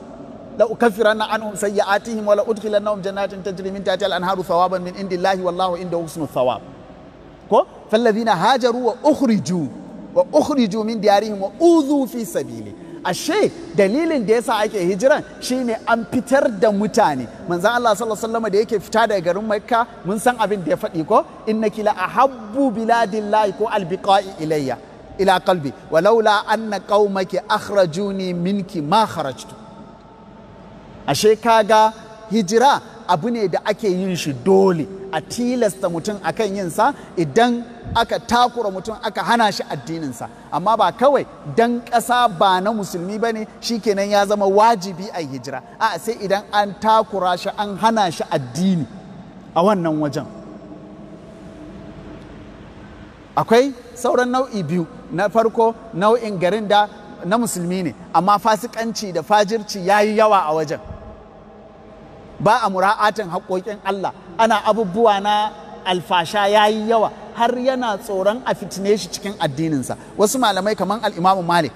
la ukaffiranna anhum sayyi'atihim wa la udkhilannahum jannatin tajri min tahtiha al-anharu thawaban min indillahi wallahu indahu husnu thawab ko ladina hajaru wa ukhriju wa ukhriju min diyarihim wa uzu fi sabili ashe dalilin da yasa ake hijiran shine an fitar da mutane manzan Allah sallallahu alaihi wasallam da yake fita daga garin Makka mun san abin da ya faɗi ko innaki la ahabbu biladillahi ko albiqa'i ilayya ila qalbi walaula anna qaumaki akhrajuni minki ma kharajtu ashe kaga hijira abu ne da ake yin shi dole a tilasta mutum akan yinsa idan aka takura mutum aka hana shi addininsa amma ba kawai dan ƙasa ba na musulmi ba ne shi kenan ya zama wajibi a hijira a sai idan an takura shi an hana shi addini a wannan wajen akwai sauran nau'i biyu na farko nau'in garin da na musulmi ne amma fasikanci da fajirci ya yi yawa a wajen ba a mura'atin haƙoƙin Allah ana abubuwa na alfasha ya yi yawa har yana tsoron a fitine shi cikin addininsa wasu malamai kamar al'imamu malik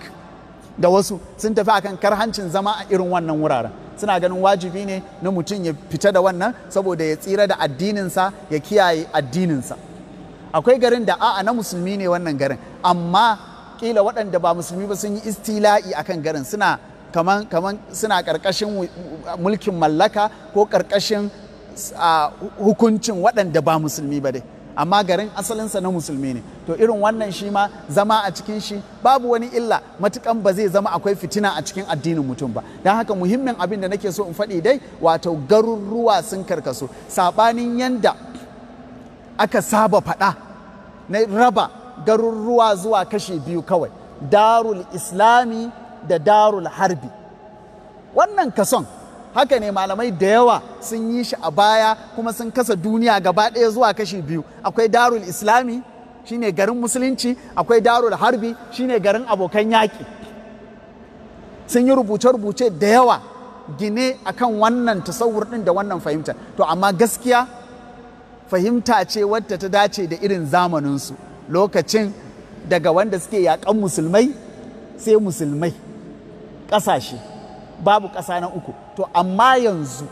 da wasu sun tafi akan karhancin zama a irin wannan wuraren suna ganin wajibi ne na mutum ya fita da wannan saboda ya tsira da addininsa ya kiyaye addininsa akwai garin da a'a na musulmi ne wannan garin amma kila waɗanda ba musulmi ba sun yi istila'i akan garin suna kaman kaman suna karkashin mulkin mallaka ko karkashin hukuncin waɗanda ba musulmi ba dai amma garin asalinsa na musulmi ne to irin wannan shi ma zama a cikin shi babu wani illa matukan ba zai zama akwai fitina a cikin addinin mutum ba don haka muhimmin abin da nake so in faɗi dai wato garuruwa sun karkasu saɓanin yanda aka saba faɗa na raba garuruwa zuwa kashe biyu kawai darul islami da darul harbi wannan kason haka ne malamai da yawa sun yi shi a baya kuma sun kasa duniya gaba ɗaya zuwa kashi biyu akwai darul islami shine garin musulunci akwai darul harbi shine garin abokan yaƙi sun yi rubuce-rubuce da yawa gine akan wannan tasawur ɗin da wannan fahimta to amma gaskiya fahimta ce wadda ta dace da irin zamaninsu lokacin daga wanda suke yaƙan musulmai sai musulmai ƙasashe babu ƙasa na uku to amma yanzu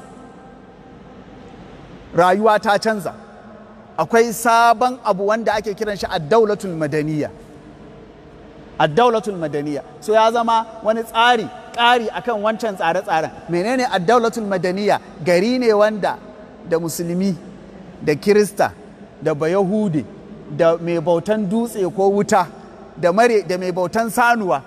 rayuwa ta canza akwai sabon abu wanda ake kiran shi addaulatul madaniya addaulatul madaniya so ya zama wani tsari ƙari akan wancan tsare-tsaren menene addaulatul madaniya gari ne wanda da musulmi da kirista da bayahudi da mai bautan dutse ko wuta da mai bautan sanuwa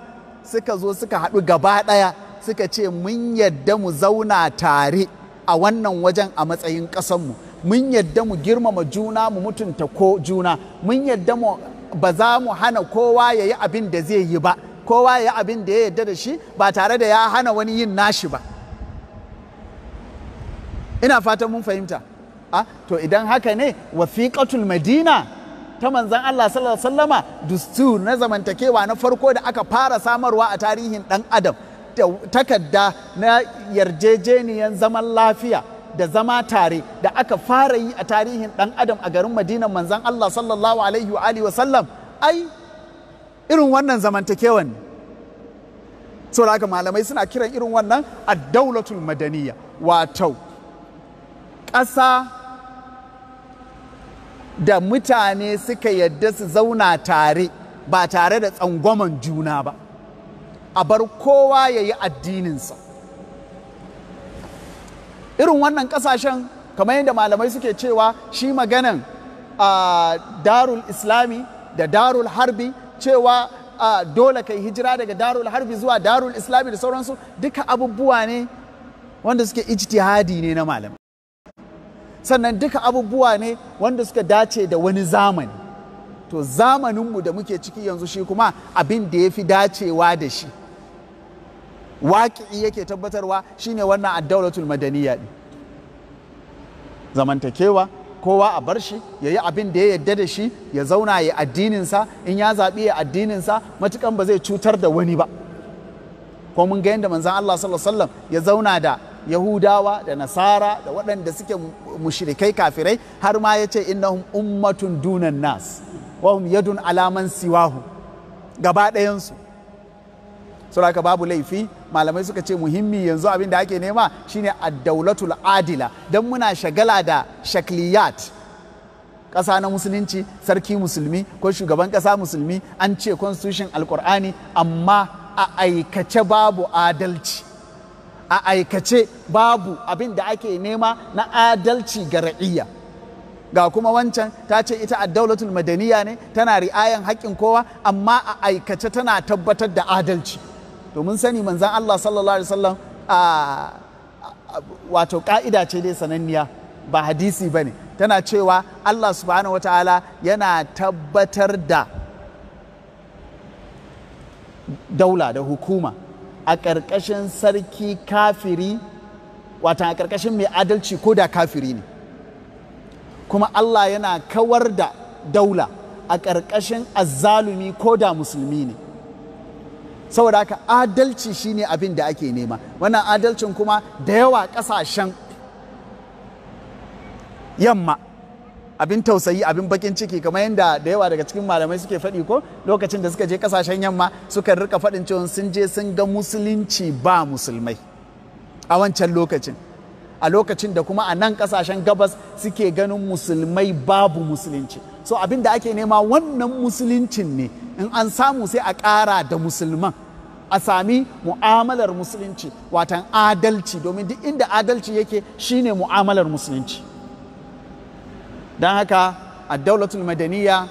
suka zo suka haɗu gaba ɗaya suka ce mun yadda mu zauna tare a wannan wajen a matsayin ƙasanmu mun yadda mu girmama juna mu mutunta ko juna mun yadda mu ba za mu hana kowa ya yi abin da zai yi ba kowa ya yi abin da ya yadda da shi ba tare da ya hana wani yin nashi ba ina fatan mun fahimta ah, to idan haka ne wasiƙatul madina ta manzan Allah sallallahu alaihi dustur na zamantakewa na farko da aka fara samarwa a tarihin dan adam takarda na yarjejeniyan zaman lafiya da zama tare da aka fara yi a tarihin dan adam a garin madinan manzan Allah sallallahu alaihi wa alihi wasallam ai irin wannan zamantakewan ne haka malamai suna kiran irin wannan a daulatul madaniya wato ƙasa da mutane suka yadda su zauna tare ba tare da tsangwaman juna ba a bar kowa ya yi addininsa irin wannan kasashen kamar yadda malamai suke cewa shi maganan a darul islami da darul harbi cewa dole kai hijira daga darul harbi zuwa darul islami da sauransu duka abubuwa ne wanda suke ijtihadi ne na malamai sannan duka abubuwa ne wanda suka dace da wani zamani to zamaninmu da muke ciki yanzu shi kuma abin da ya fi dacewa da shi waƙi yake tabbatarwa shine wannan addaulatul madaniya ɗin zamantakewa kowa a bar shi ya yi abin da ya yadda da shi ya zauna ya addininsa in ya zaɓi ya addininsa matukan ba zai cutar da wani ba ko mun ga yadda manzan Allah sallallahu ya zauna da yahudawa da nasara da waɗanda suke mushirikai kafirai har ma ya ce innahum ummatun dunan nas wahum yadun alaman siwahu gaba ɗayansu saboda babu laifi malamai suka ce muhimmi yanzu abin da ake nema shine addaulatul adila don muna shagala da shakliyat ƙasa na musulunci sarki musulmi ko shugaban ƙasa musulmi an ce constitution alkur'ani amma a aikace babu adalci a aikace babu abin da ake nema na adalci ga ra'iyya ga kuma wancan ta ce ita addaulatul madaniya ne tana ri'ayan haƙƙin kowa amma a aikace tana tabbatar da adalci to mun sani manzan Allah sallallahu alaihi wasallam a wato ka'ida ce dai sananniya ba hadisi ba ne. tana cewa Allah subhanahu wataala yana tabbatar da daula da hukuma a ƙarƙashin sarki kafiri watan a ƙarƙashin mai adalci ko da kafiri ne kuma Allah yana kawar da daula a ƙarƙashin azzalumi ko da musulmi ne saboda haka adalci shine abin da ake nema wannan adalcin kuma da yawa ƙasashen yamma abin tausayi abin bakin ciki kamar yadda da yawa daga cikin malamai suke faɗi ko lokacin da suka je kasashen yamma suka rika faɗin cewa sun je sun ga musulunci ba musulmai a wancan lokacin a lokacin da kuma a nan kasashen gabas suke ganin musulmai babu musulunci so abin da ake nema wannan musuluncin ne in an samu sai a ƙara da musulman a sami mu'amalar musulunci watan adalci domin duk inda adalci yake shine mu'amalar musulunci don haka a daulatul madaniya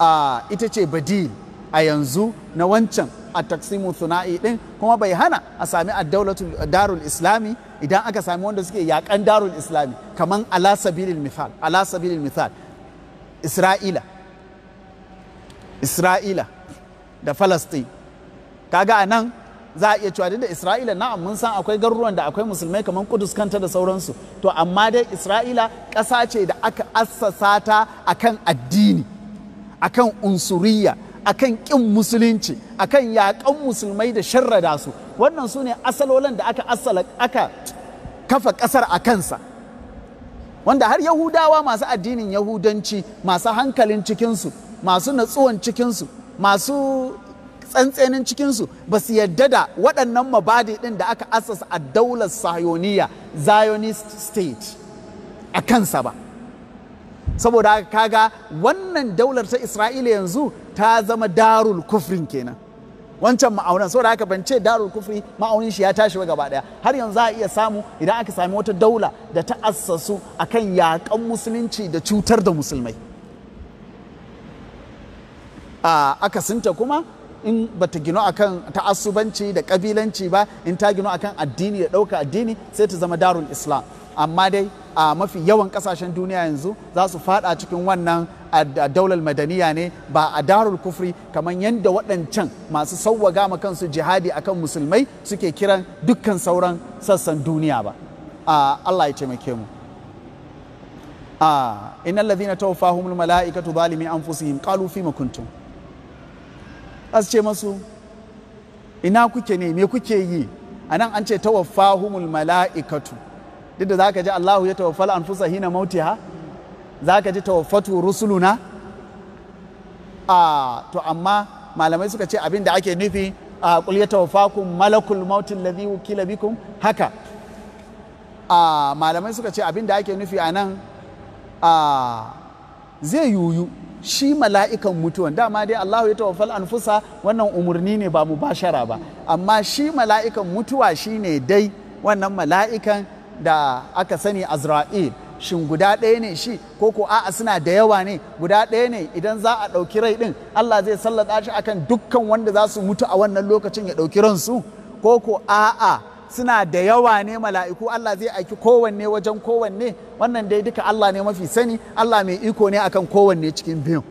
a ita ce badi a yanzu na wancan a taksimun thuna'i din kuma bai hana a sami a daulatul darul islami idan aka sami wanda suke yakan darul islami kamar ala sabilil mithal ala mithal isra'ila isra'ila da falastin kaga a nan za a iya cewa da Isra'ila na'am mun san akwai garuruwan da akwai musulmai kamar Kudus kanta da sauransu to amma dai Isra'ila ƙasa ce da aka assasa ta akan addini akan unsuriya akan ƙin musulunci akan yaƙan musulmai da sharrada su wannan su ne asalolan da aka asala aka kafa ƙasar a kansa wanda har yahudawa masu addinin yahudanci masu hankalin cikinsu masu natsuwan cikinsu masu tsantsenin cikinsu ba su yarda da waɗannan mabadi ɗin da aka asasa a daular sayoniya zionist state a kansa ba saboda kaga wannan daular ta isra'ila yanzu ta zama darul kufrin kenan wancan ma'aunin saboda haka ban ce darul kufri ma'aunin shi ya tashi gaba daya har yanzu za a iya samu idan aka sami wata daula da ta assasu akan yakan musulunci da cutar da musulmai a ah, akasinta kuma in bata gino akan ta'assubanci da kabilanci ba in ta gino akan addini da ɗauka addini sai ta zama darul islam amma dai a mafi yawan ƙasashen duniya yanzu za su fada cikin wannan a daular madaniya ne ba a darul kufri kamar yadda waɗancan masu sauwaga ma kansu jihadi akan musulmai suke kiran dukkan sauran sassan duniya ba Allah ya taimake mu innal ladhina tawaffahumul mala'ikatu an anfusihim yin kalufi makuntun. za su ce masu ina kuke ne me kuke yi a nan an ce tawaffahumul mala'ikatu duk da za ka ji Allahu ya tawaffal anfusa hina ha? za ka ji tawaffatu rusuluna a to amma malamai suka ce abin da ake nufi a kul ya tawaffakum malakul mautin alladhi wukila bikum haka a malamai suka ce abin da ake nufi a nan a zai yuyu shi mala'ikan mutuwan dama dai Allahu ya tawaffal anfusa wannan umarni ne ba mu bashara ba amma shi mala'ikan mutuwa shine dai wannan mala'ikan da aka sani Azra'il shin guda ɗaya ne shi ko ko a'a suna da yawa ne guda ɗaya ne idan za a ɗauki rai ɗin Allah zai sallata shi akan dukkan wanda za su mutu a wannan lokacin ya ɗauki ransu ko ko a'a suna da yawa ne mala'iku Allah zai aiki kowanne wajen kowanne wannan dai duka Allah ne mafi sani Allah mai iko ne akan kowanne cikin biyun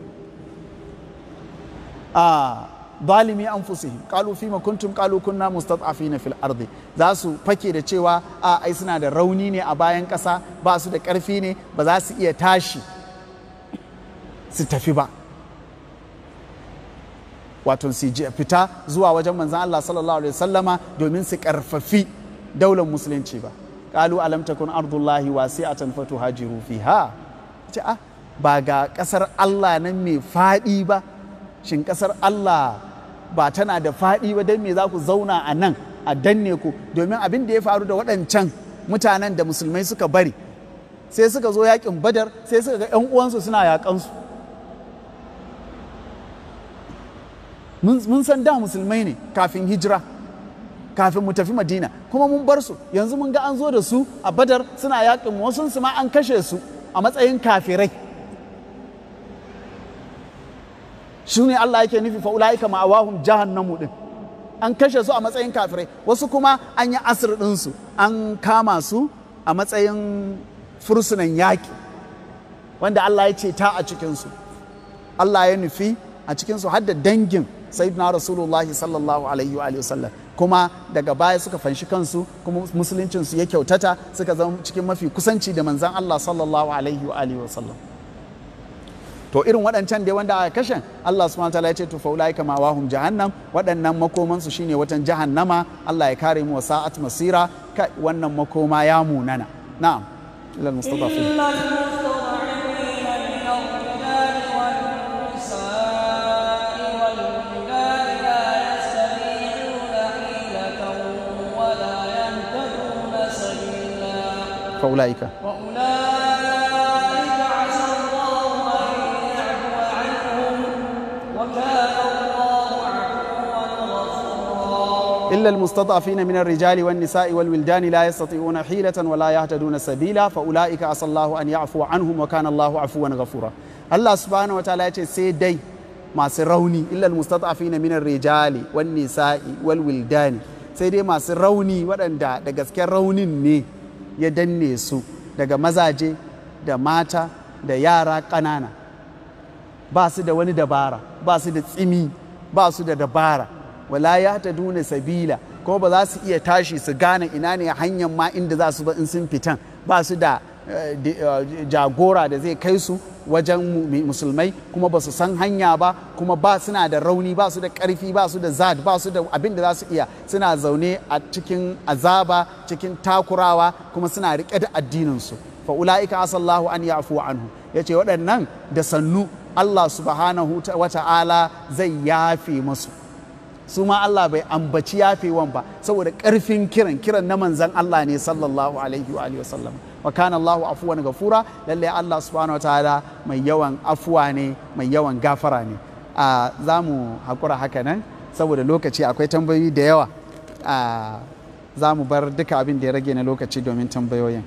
balimi an fusihim kalu fi ma kuntum kalu kunna mustat'afina fil ardi za su fake da cewa a ai suna da rauni ne a bayan ƙasa ba su da ƙarfi ne ba za su iya tashi su tafi ba wato su fita zuwa wajen manzan Allah sallallahu alaihi wasallama domin su karfafi daular musulunci ba qalu alam takun ardullahi wasi'atan fatuhajiru fiha ce ah ba ga kasar Allah nan mai fadi ba shin kasar Allah ba tana da fadi ba dan me za ku zauna a nan a danne ku domin abin da ya faru da waɗancan mutanen da musulmai suka bari sai suka zo yakin badar sai suka ga 'yan uwansu suna yakansu mun san da musulmai ne kafin hijira kafin mu tafi madina kuma mun bar su yanzu mun ga an zo da su a badar suna yakin wasu su ma an kashe su a matsayin kafirai shi ne Allah yake nufi fa ulaika ma'awahum jahannamu din an kashe su a matsayin kafirai wasu kuma an yi asir su. an kama su a matsayin fursunan yaƙi wanda Allah ya ce ta a cikinsu Allah ya nufi a cikinsu har da dangin sayyidina rasulullahi sallallahu alaihi wa sallam kuma daga baya suka fanshi kansu kuma musuluncin su ya kyautata suka zama cikin mafi kusanci da manzan Allah sallallahu alaihi wa sallam to irin waɗancan dai wanda aka kashe Allah subhanahu wataala ya ce to faulai kama wahum jahannam waɗannan makoman su shine watan jahannama Allah ya kare mu sa'at masira wannan makoma ya munana na'am ilal mustadafin فأولئك إلا المستضعفين من الرجال والنساء والولدان لا يستطيعون حيلة ولا يهتدون سبيلا فأولئك أسى الله أن يعفو عنهم وكان الله عفوا غفورا الله سبحانه وتعالى سيدي ما سروني إلا المستضعفين من الرجال والنساء والولدان سيدي ما سروني ودن دا دقس كروني ني ya danne su daga mazaje da mata da yara ƙanana ba su da wani dabara ba su da tsimi ba su da dabara wala ya ta duna sabila ko ba za su iya tashi su gane ina ne hanyar ma inda za su ba in sun fitan ba su da jagora da zai kai su wajen musulmai kuma ba su san hanya ba kuma ba suna da rauni ba su da karfi ba su da zad ba su da abin da za su iya suna zaune a cikin azaba cikin takurawa kuma suna rike da addininsu fa ula'ika asallahu an yafu anhu yace waɗannan da sannu Allah subhanahu wa ta'ala zai yafe masu su ma Allah bai ambaci yafewan ba saboda ƙarfin kiran kiran na manzan Allah ne sallallahu alaihi wa sallam wa kana Allahu afuwan gafura lalle Allah subhanahu ta'ala mai yawan afuwa ne mai yawan gafara ne a za mu hakura haka nan saboda lokaci akwai tambayoyi da yawa za mu bar duka abin da ya rage na lokaci domin tambayoyin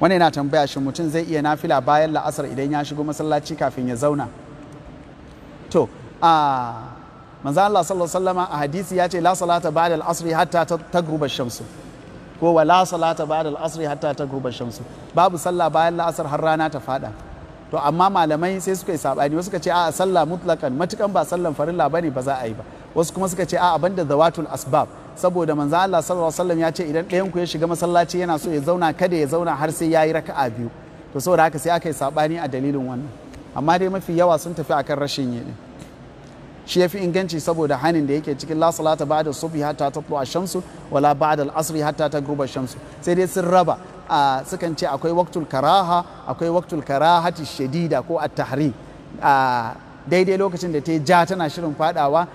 wani yana tambaya shi mutum zai iya nafila bayan la'asar idan ya shigo masallaci kafin ya zauna to a manzo Allah sallallahu alaihi a hadisi ya ce la salata ba'da al hatta tagruba shamsu ko wala salata ba da asr hatta ta gurbar shamsu babu sallah bayan la'asar har rana ta fada to amma malamai sai suka yi sabani wasu ka ce a sallah mutlakan matukan ba sallan farilla bane ba za a yi ba wasu kuma suka ce a'a da zawatul asbab saboda manza Allah sallallahu alaihi wasallam ya ce idan ɗayan ku ya shiga masallaci yana so ya zauna kada ya zauna har sai yayi raka'a biyu to saboda haka sai aka yi sabani a dalilin wannan amma dai mafi yawa sun tafi akan rashin yi shi ya fi inganci saboda hanin da yake cikin lasalata ba da sufi hatta ta a shamsu wala ba da asri hatta ta gruba shamsu sai dai sun raba sukan ce akwai waktul karaha akwai waktul karahati shadida ko a tahri daidai lokacin da ta ja tana shirin fadawa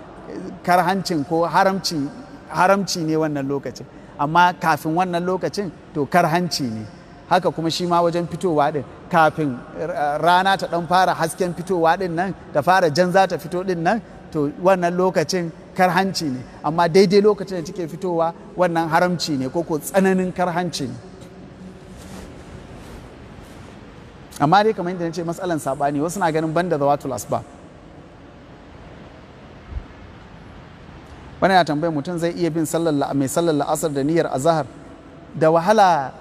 karhancin ko haramci ne wannan lokacin amma kafin wannan lokacin to karhanci ne haka kuma shi ma wajen fitowa din kafin eh, rana ta dan fara hasken fitowa din nan ta fara jan za ta fito din nan to wannan lokacin karhanci ne amma daidai lokacin da take fitowa wannan haramci ne ko ko tsananin karhanci ne amma dai kamar yadda na ce matsalan saɓani wasu na ganin banda zawatul asbab wani na tambayi mutum zai iya bin sallar mai sallar la'asar da niyyar azahar da wahala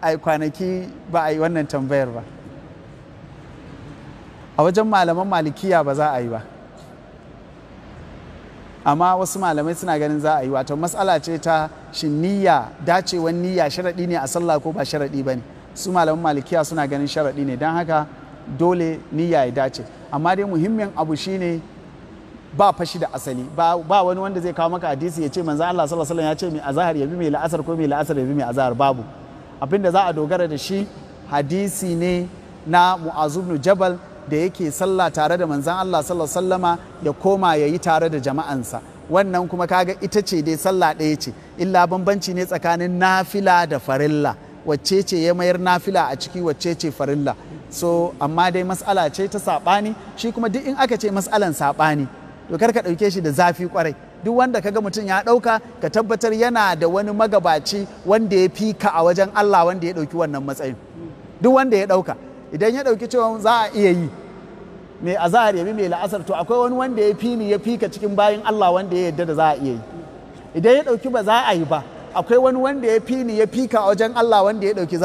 a kwanaki ba a yi wannan tambayar ba a wajen malaman malikiya ba za a yi ba amma wasu malamai suna ganin za a yi wato matsala ce ta shin niyya dacewan niyya sharaɗi ne a sallah ko ba sharaɗi ba ne su malaman malikiya suna ganin sharaɗi ne don haka dole niyya ya dace amma dai muhimmin abu shine ba fashi da asali ba, wani wanda zai kawo maka hadisi ya ce manzo Allah sallallahu alaihi wasallam ya ce mai azhar ya bi mai la'asar ko mai la'asar ya bi mai azhar babu abinda za a dogara da shi hadisi ne na mu'azubnu Jabal da yake sallah tare da manzan Allah sallallahu sallama ya koma ya yi tare da jama'ansa wannan kuma kaga ita ce dai sallah ɗaya ce illa bambanci ne tsakanin nafila da farilla wacce ce ya mayar nafila a ciki wacce ce farilla so amma dai mas'ala ce ta saɓani shi kuma duk in aka ce mas'alan saɓani to kar ka ɗauke shi da zafi kwarai duk wanda kaga mutum ya ɗauka ka tabbatar yana da wani magabaci wanda ya fi ka a wajen Allah wanda ya ɗauki wannan matsayin duk wanda ya ɗauka idan ya ɗauki cewa za a iya yi a za a bi mai la'asar to akwai wani wanda ya fi ni ya fi ka cikin bayan Allah wanda ya yadda da za a iya yi idan ya ɗauki ba za a yi ba akwai wani wanda ya fi ni ya fi ka wajen Allah wanda ya ɗauki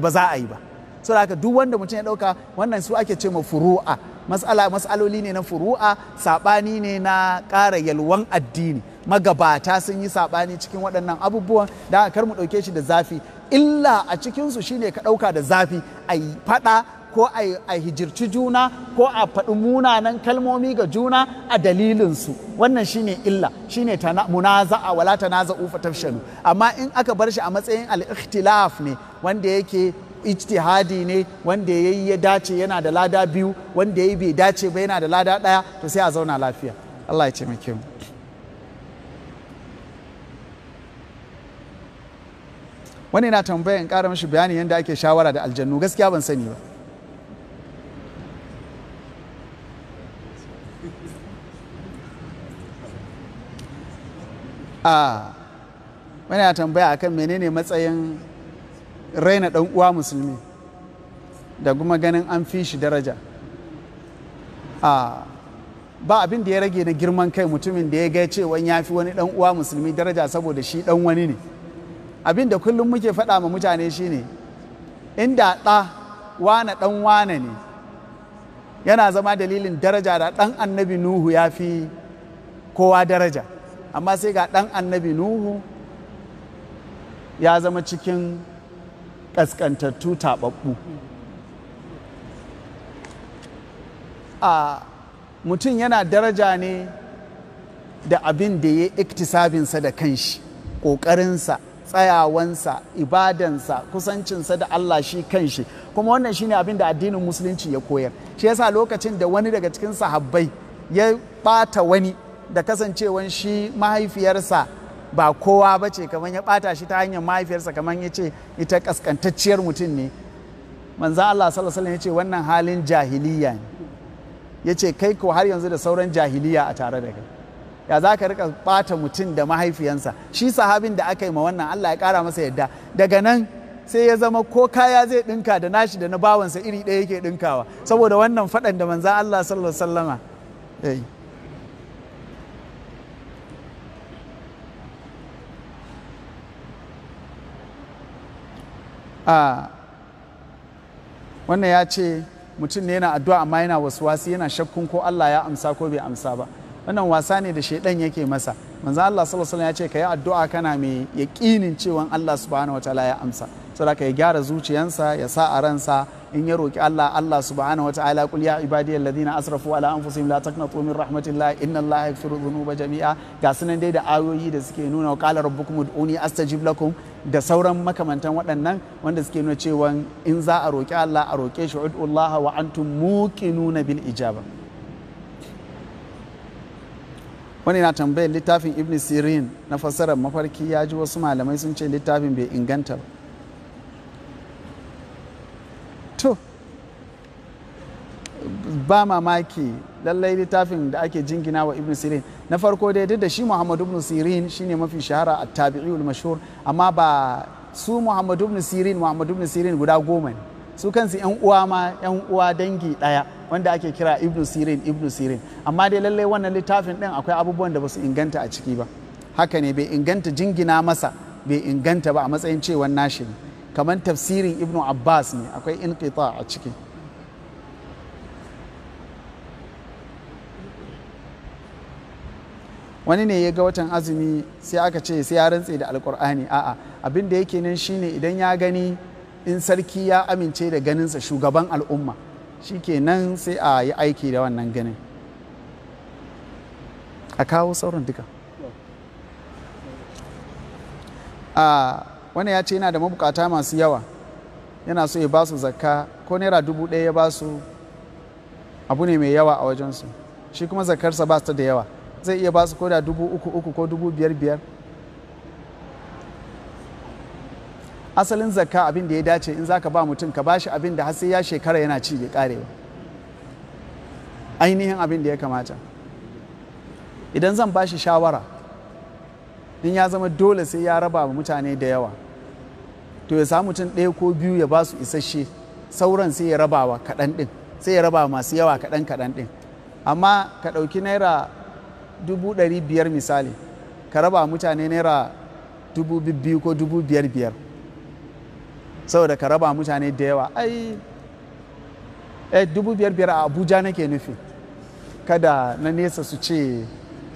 ba za a yi ba so haka duk wanda mutum ya ɗauka wannan su ake ce ma furu'a mas'ala mas'aloli ne na furu'a saɓani ne na ƙara yalwan addini magabata sun yi saɓani cikin waɗannan abubuwan da kar mu ɗauke shi da zafi illa a cikinsu shine ka ɗauka da zafi a yi faɗa ko a hijirci juna ko a faɗi munanan kalmomi ga juna a dalilinsu wannan shine illa shine munaza'a wala tanaza'u fatafshalu amma in aka bar shi a matsayin al-ikhtilaf ne wanda yake ijtihadi ne wanda ya yi ya dace yana da lada biyu wanda ya yi bai dace ba yana da lada ɗaya to sai a zauna lafiya Allah ya taimake mu wani yana tambayan kara mashi bayani yadda ake shawara da aljannu gaskiya ban sani ba a wani na tambaya akan menene matsayin raina dan uwa musulmi da kuma ganin an fi shi daraja a ba abin da ya rage na girman kai mutumin da ya ga cewa ya fi wani dan uwa musulmi daraja saboda shi dan wani ne abin da kullum muke faɗa ma mutane shine inda ɗa wane ɗan wane ne yana zama dalilin daraja da ɗan annabi nuhu ya fi kowa daraja amma sai ga ɗan annabi nuhu ya zama cikin ƙasƙantattu taɓaɓɓu a mutum yana daraja ne da abin da ya iktisabinsa da kanshi ƙoƙarinsa tsayawansa ibadansa kusancinsa da Allah shi kanshi kuma wannan shine abin da addinin musulunci ya koyar shi yasa lokacin da wani daga cikin sahabbai ya bata wani da kasancewan shi mahaifiyarsa ba kowa ba ce kamar ya bata shi ta hanyar mahaifiyarsa kamar ya ce ita kaskantacciyar mutum ne manzo Allah sallallahu alaihi ya ce wannan halin jahiliya ne ya ce kai ko har yanzu da sauran jahiliya a tare da kai ya za ka rika bata mutum da mahaifiyansa shi sahabin da aka yi ma wannan Allah ya kara masa yadda daga nan sai ya zama ko kaya zai dinka da nashi da na bawansa iri ɗaya yake dinkawa saboda wannan faɗan da manzan Allah sallallahu sallama wannan ya ce mutum ne yana addu'a amma yana wasu wasu yana shakkun ko Allah ya amsa ko bai amsa ba wannan wasa ne da shaidan yake masa manzo Allah sallallahu alaihi ya ce kai addu'a kana mai yaqinin cewa Allah subhanahu wataala ya amsa saboda ya gyara zuciyansa ya sa a ransa in ya roki Allah Allah subhanahu wataala kul ya ibadiyal alladhina asrafu ala anfusihim la taqnatu min rahmatillah inna Allah yaghfiru dhunuba jami'a ga sunan dai da ayoyi da suke nuna qala rabbukum ud'uni astajib lakum da sauran makamantan waɗannan wanda suke nuna cewa in za a roki Allah a roke shi ud'ullaha wa antum muqinuna bil ijaba wani na tambayar littafin ibn sirin na fassarar mafarki ya ji wasu malamai sun ce littafin bai inganta ba to ba mamaki lallai littafin da ake jingina wa ibn sirin na farko dai duk da shi muhammadu ibn sirin shine mafi shahara a tabi'i mashhur amma ba su muhammadu ibn sirin muhammadu ibn sirin guda goma ne su kansu yan uwa ma yan uwa dangi daya wanda ake kira ibnu sirin ibnu sirin amma dai lallai wannan littafin ɗin akwai abubuwan da ba su inganta a ciki ba haka ne bai inganta jingina masa bai inganta ba a matsayin cewan nashi ne kamar tafsirin ibnu abbas ne akwai inqita a ciki wani ne ya ga watan azumi sai aka ce sai ya rantse da alkur'ani a'a abin da yake nan shine idan ya gani in sarki ya amince da ganinsa shugaban al'umma shikenan sai a yi aiki da wannan ganin a kawo sauran duka a wani ya ce yana da mabukata masu yawa yana so ya ba su zakka ko naira dubu ɗaya ya ba su abu ne mai yawa a wajensu shi kuma zakarsa ba su da yawa zai iya ba su ko da dubu uku uku ko dubu biyar biyar asalin zakka abin da ya dace in zaka ba mutum ka bashi abin da har sai ya shekara yana ci ya kare ainihin abin da ya kamata idan zan bashi shawara in ya zama dole sai ya raba wa mutane da yawa to ya samu mutum ɗaya ko biyu ya ba su isasshe sauran sai ya raba wa kaɗan ɗin sai ya raba masu yawa kaɗan kaɗan ɗin amma ka ɗauki naira dubu ɗari biyar misali ka raba mutane naira dubu biyu ko dubu biyar biyar saboda ka raba mutane da yawa ai eh dubu biyar biyar a abuja nake nufi kada na nesa su ce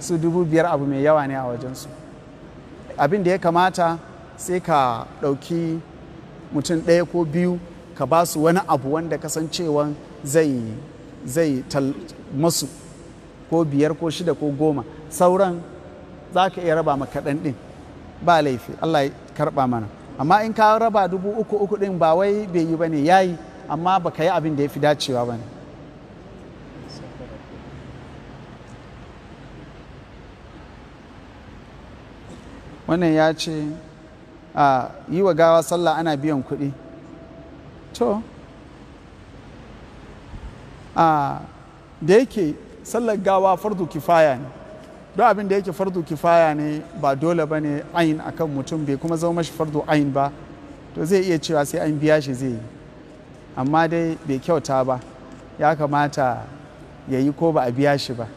su dubu biyar abu mai yawa ne a wajensu abin da ya kamata sai ka ɗauki mutum ɗaya ko biyu ka ba su wani abu wanda kasancewan zai zai masu ko biyar ko shida ko goma sauran za ka iya raba ma kaɗan ɗin ba laifi allah ya karɓa mana amma in ka raba dubu uku uku din ba wai bai yi ba ne ya yi amma ba ka yi abin da ya fi dacewa ba ne wannan ya ce a yi wa gawa sallah ana biyan kuɗi to a da yake sallar gawa fardu kifaya ne duk abin da yake fardu kifaya ne ba dole ba ne ayin akan mutum bai kuma zama shi fardu ayin ba to zai iya cewa sai an biya shi zai yi amma dai bai kyauta ba ya kamata ya yi ko ba a biya shi ba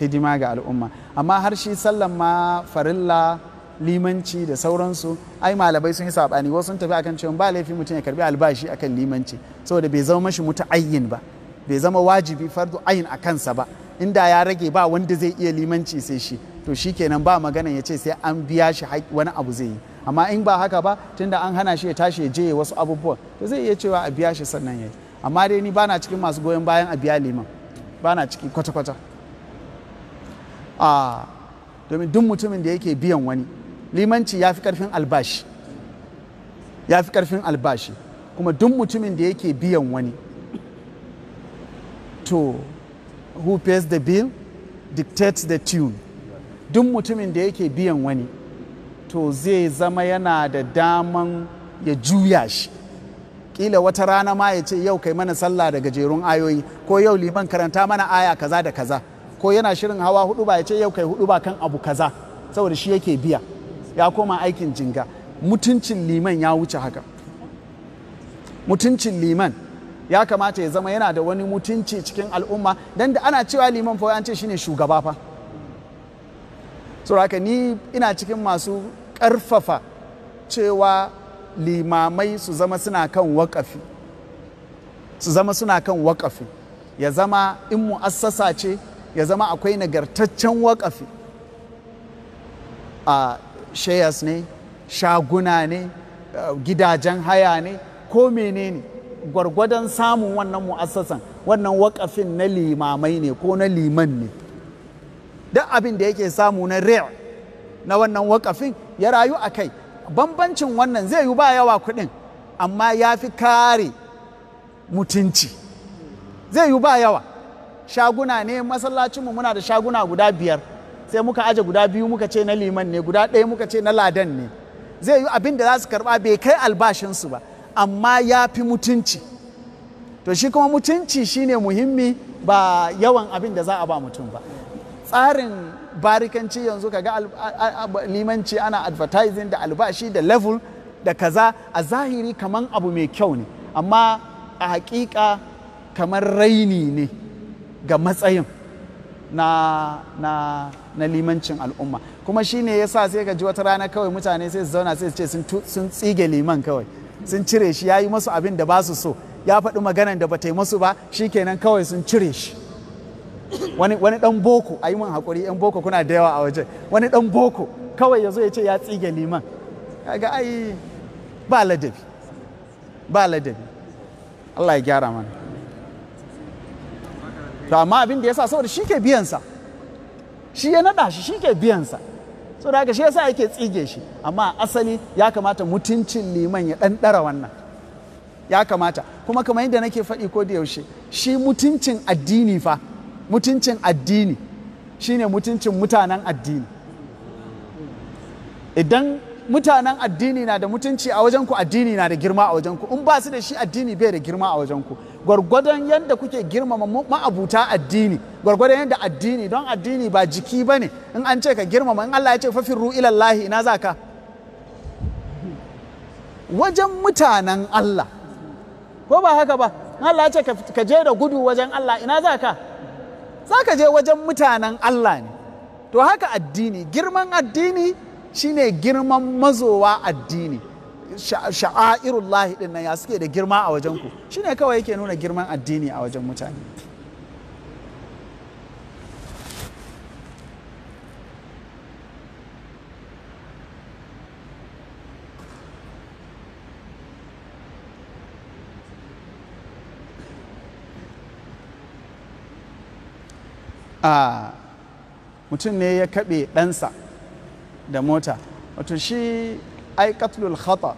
hidima ga al'umma amma har shi sallan ma farilla limanci da sauransu ai malamai sun yi sabani wasu sun tafi akan cewa ba laifi mutum ya karbi albashi akan limanci saboda bai zama mutu ayin ba bai zama wajibi fardu ayin a kansa ba inda ya rage ba wanda zai iya limanci sai shi to shi kenan ba magana ya ce sai an biya shi wani abu zai yi amma in ba haka ba tunda an hana shi ya tashi ya je wasu abubuwan to zai iya cewa a biya shi sannan ya yi amma dai ni bana cikin masu goyon bayan a biya liman bana ciki kwata-kwata a domin duk mutumin da yake biyan wani limanci ya fi karfin albashi ya fi karfin albashi kuma duk mutumin da yake biyan wani to who pays the bill dictates the tune duk mutumin da yake biyan wani to zai zama yana da daman ya juya shi kila wata rana ma ya ce yau kai mana sallah da gajerun ayoyi ko yau liman karanta mana aya kaza da kaza ko yana shirin hawa hudu ba ya ce yau kai hudu ba kan abu kaza saboda shi yake biya ya koma aikin jinga mutuncin liman ya wuce haka mutuncin liman ya kamata ya zama yana da wani mutunci cikin al'umma dan da ana cewa liman fa an ce shine shugaba fa saboda ni ina cikin masu ƙarfafa cewa limamai su zama suna kan wakafi su zama suna kan wakafi ya zama in mu'assasa ce ya zama akwai nagartaccen wakafi a shayas ne shaguna ne gidajen haya ne ko menene gwargwadon samun wannan mu'assasan wannan wakafin na limamai ne ko na liman ne duk abin da yake samu na rare na wannan wakafin ya rayu a kai bambancin wannan zai yi ba yawa kuɗin amma ya fi kare mutunci zai yi ba yawa shaguna ne masallacinmu muna da shaguna guda biyar sai muka aje guda biyu muka ce na liman ne guda ɗaya muka ce na ladan ne zai yi abin da za su karɓa bai kai albashinsu ba amma ya fi mutunci to shi kuma mutunci shine muhimmi ba yawan abin da za a ba mutum ba tsarin barikanci yanzu ka ga limanci ana advertising da albashi da level da kaza a zahiri kaman abu mai kyau ne amma a hakika kamar raini ne ga matsayin na, na, na limancin al'umma kuma shine yasa sai ka ji wata rana kawai mutane sai su zauna sai su ce sun tsige liman kawai sun cire shi ya yi masu abin da ba su so ya faɗi maganan da ba ta yi masu ba shi kenan kawai sun cire shi wani ɗan boko a yi min haƙuri yan boko kuna da yawa a waje wani ɗan boko kawai ya zo ya ce ya tsige liman kaga ai ba ladabi ba ladabi Allah ya gyara mana to amma abin da ya sa saboda shi ke biyansa shi ya naɗa shi shi ke biyansa so da haka shi yasa yake tsige shi amma asali ya kamata mutuncin liman ya ɗanɗara dara wannan ya kamata kuma kamar yadda nake faɗi ko da yaushe shi mutuncin addini fa mutuncin addini shine mutuncin mutanen addini idan mutanen addini na da mutunci a wajen ku addini na da girma a wajen ku in ba su da shi addini bai da girma a wajen ku gwargwadon yadda kuke girmama ma'abuta addini gwargwadon yadda addini don addini ba jiki ba ne in an ce ka girmama in Allah ya ce fafin ru ilallahi ina za ka wajen mutanen Allah ko ba haka ba In Allah ya ce ka je da gudu wajen Allah ina za ka za ka je wajen mutanen Allah ne to haka addini girman addini shine girman mazowa addini sha'airullahi din nan ya suke da girma a wajen ku shine kawai yake nuna girman addini a wajen mutane ah, mutum ne ya kaɓe ɗansa da mota wato shi aikatul khata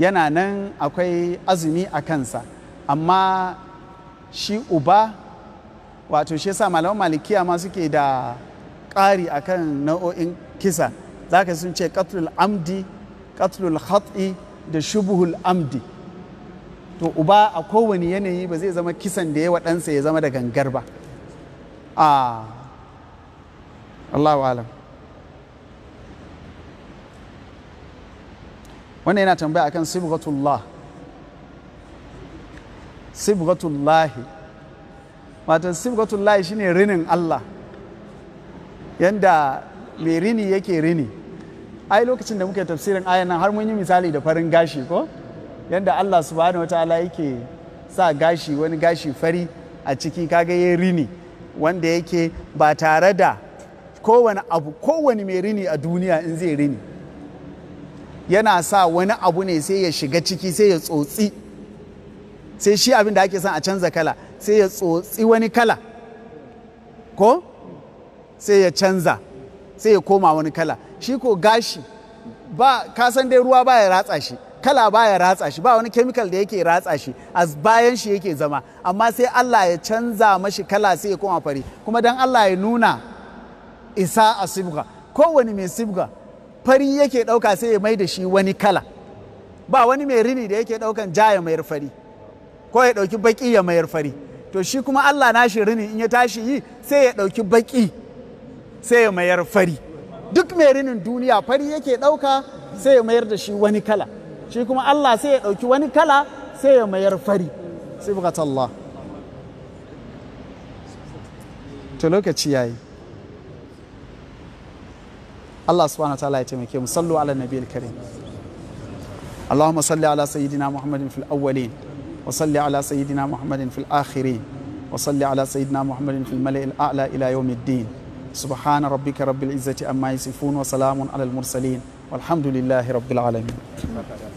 yana nan akwai azumi a kansa amma shi uba wato shi sa malaman malikiya ma suke da ƙari akan nau'o'in kisa za ka sun ce katlul amdi katlul khat'i da shubuhul amdi to uba a kowane yanayi ba zai zama kisan da ya ɗansa ya zama da gangar ba a ah, Allahu alam wanda yana tambaya akan sibghatullah sibghatullahi watan sibghatullahi shine rinin Allah yanda mai rini yake rini ai lokacin da muke tafsirin ayan nan har mun yi misali da farin gashi ko yanda Allah subhanahu wataala yake sa gashi wani gashi fari a ciki kaga ya rini wanda yake ba tare da kowane abu kowane mai rini a duniya in zai rini yana sa wani abu ne sai ya shiga ciki sai ya tsotsi sai shi abin da ake son a canza kala sai ya tsotsi wani kala ko sai ya canza sai ya koma wani kala shi ko gashi ba ka san dai ruwa ba ya ratsa shi kala ba ya ratsa shi ba wani kemikal da yake ratsa shi a bayan shi yake zama amma sai Allah ya canza mashi kala sai ya koma fari kuma dan Allah ya nuna isa a sibga kowane mai sibga fari yake ɗauka sai ya mai da shi wani kala ba wani mai rini da yake ɗaukan ja ya mayar fari ko ya ɗauki baƙi ya mayar fari to shi kuma Allah na shi rini in ya tashi yi sai ya ɗauki baƙi sai ya mayar fari duk mai rinin duniya fari yake ɗauka sai ya mayar da shi wani kala shi kuma Allah sai ya ɗauki wani kala sai ya mayar fari Allah to lokaci yayi الله سبحانه وتعالى يتمكيهم صلوا على النبي الكريم اللهم صل على سيدنا محمد في الأولين وصل على سيدنا محمد في الآخرين وصل على سيدنا محمد في الملئ الأعلى إلى يوم الدين سبحان ربك رب العزة أما يصفون وسلام على المرسلين والحمد لله رب العالمين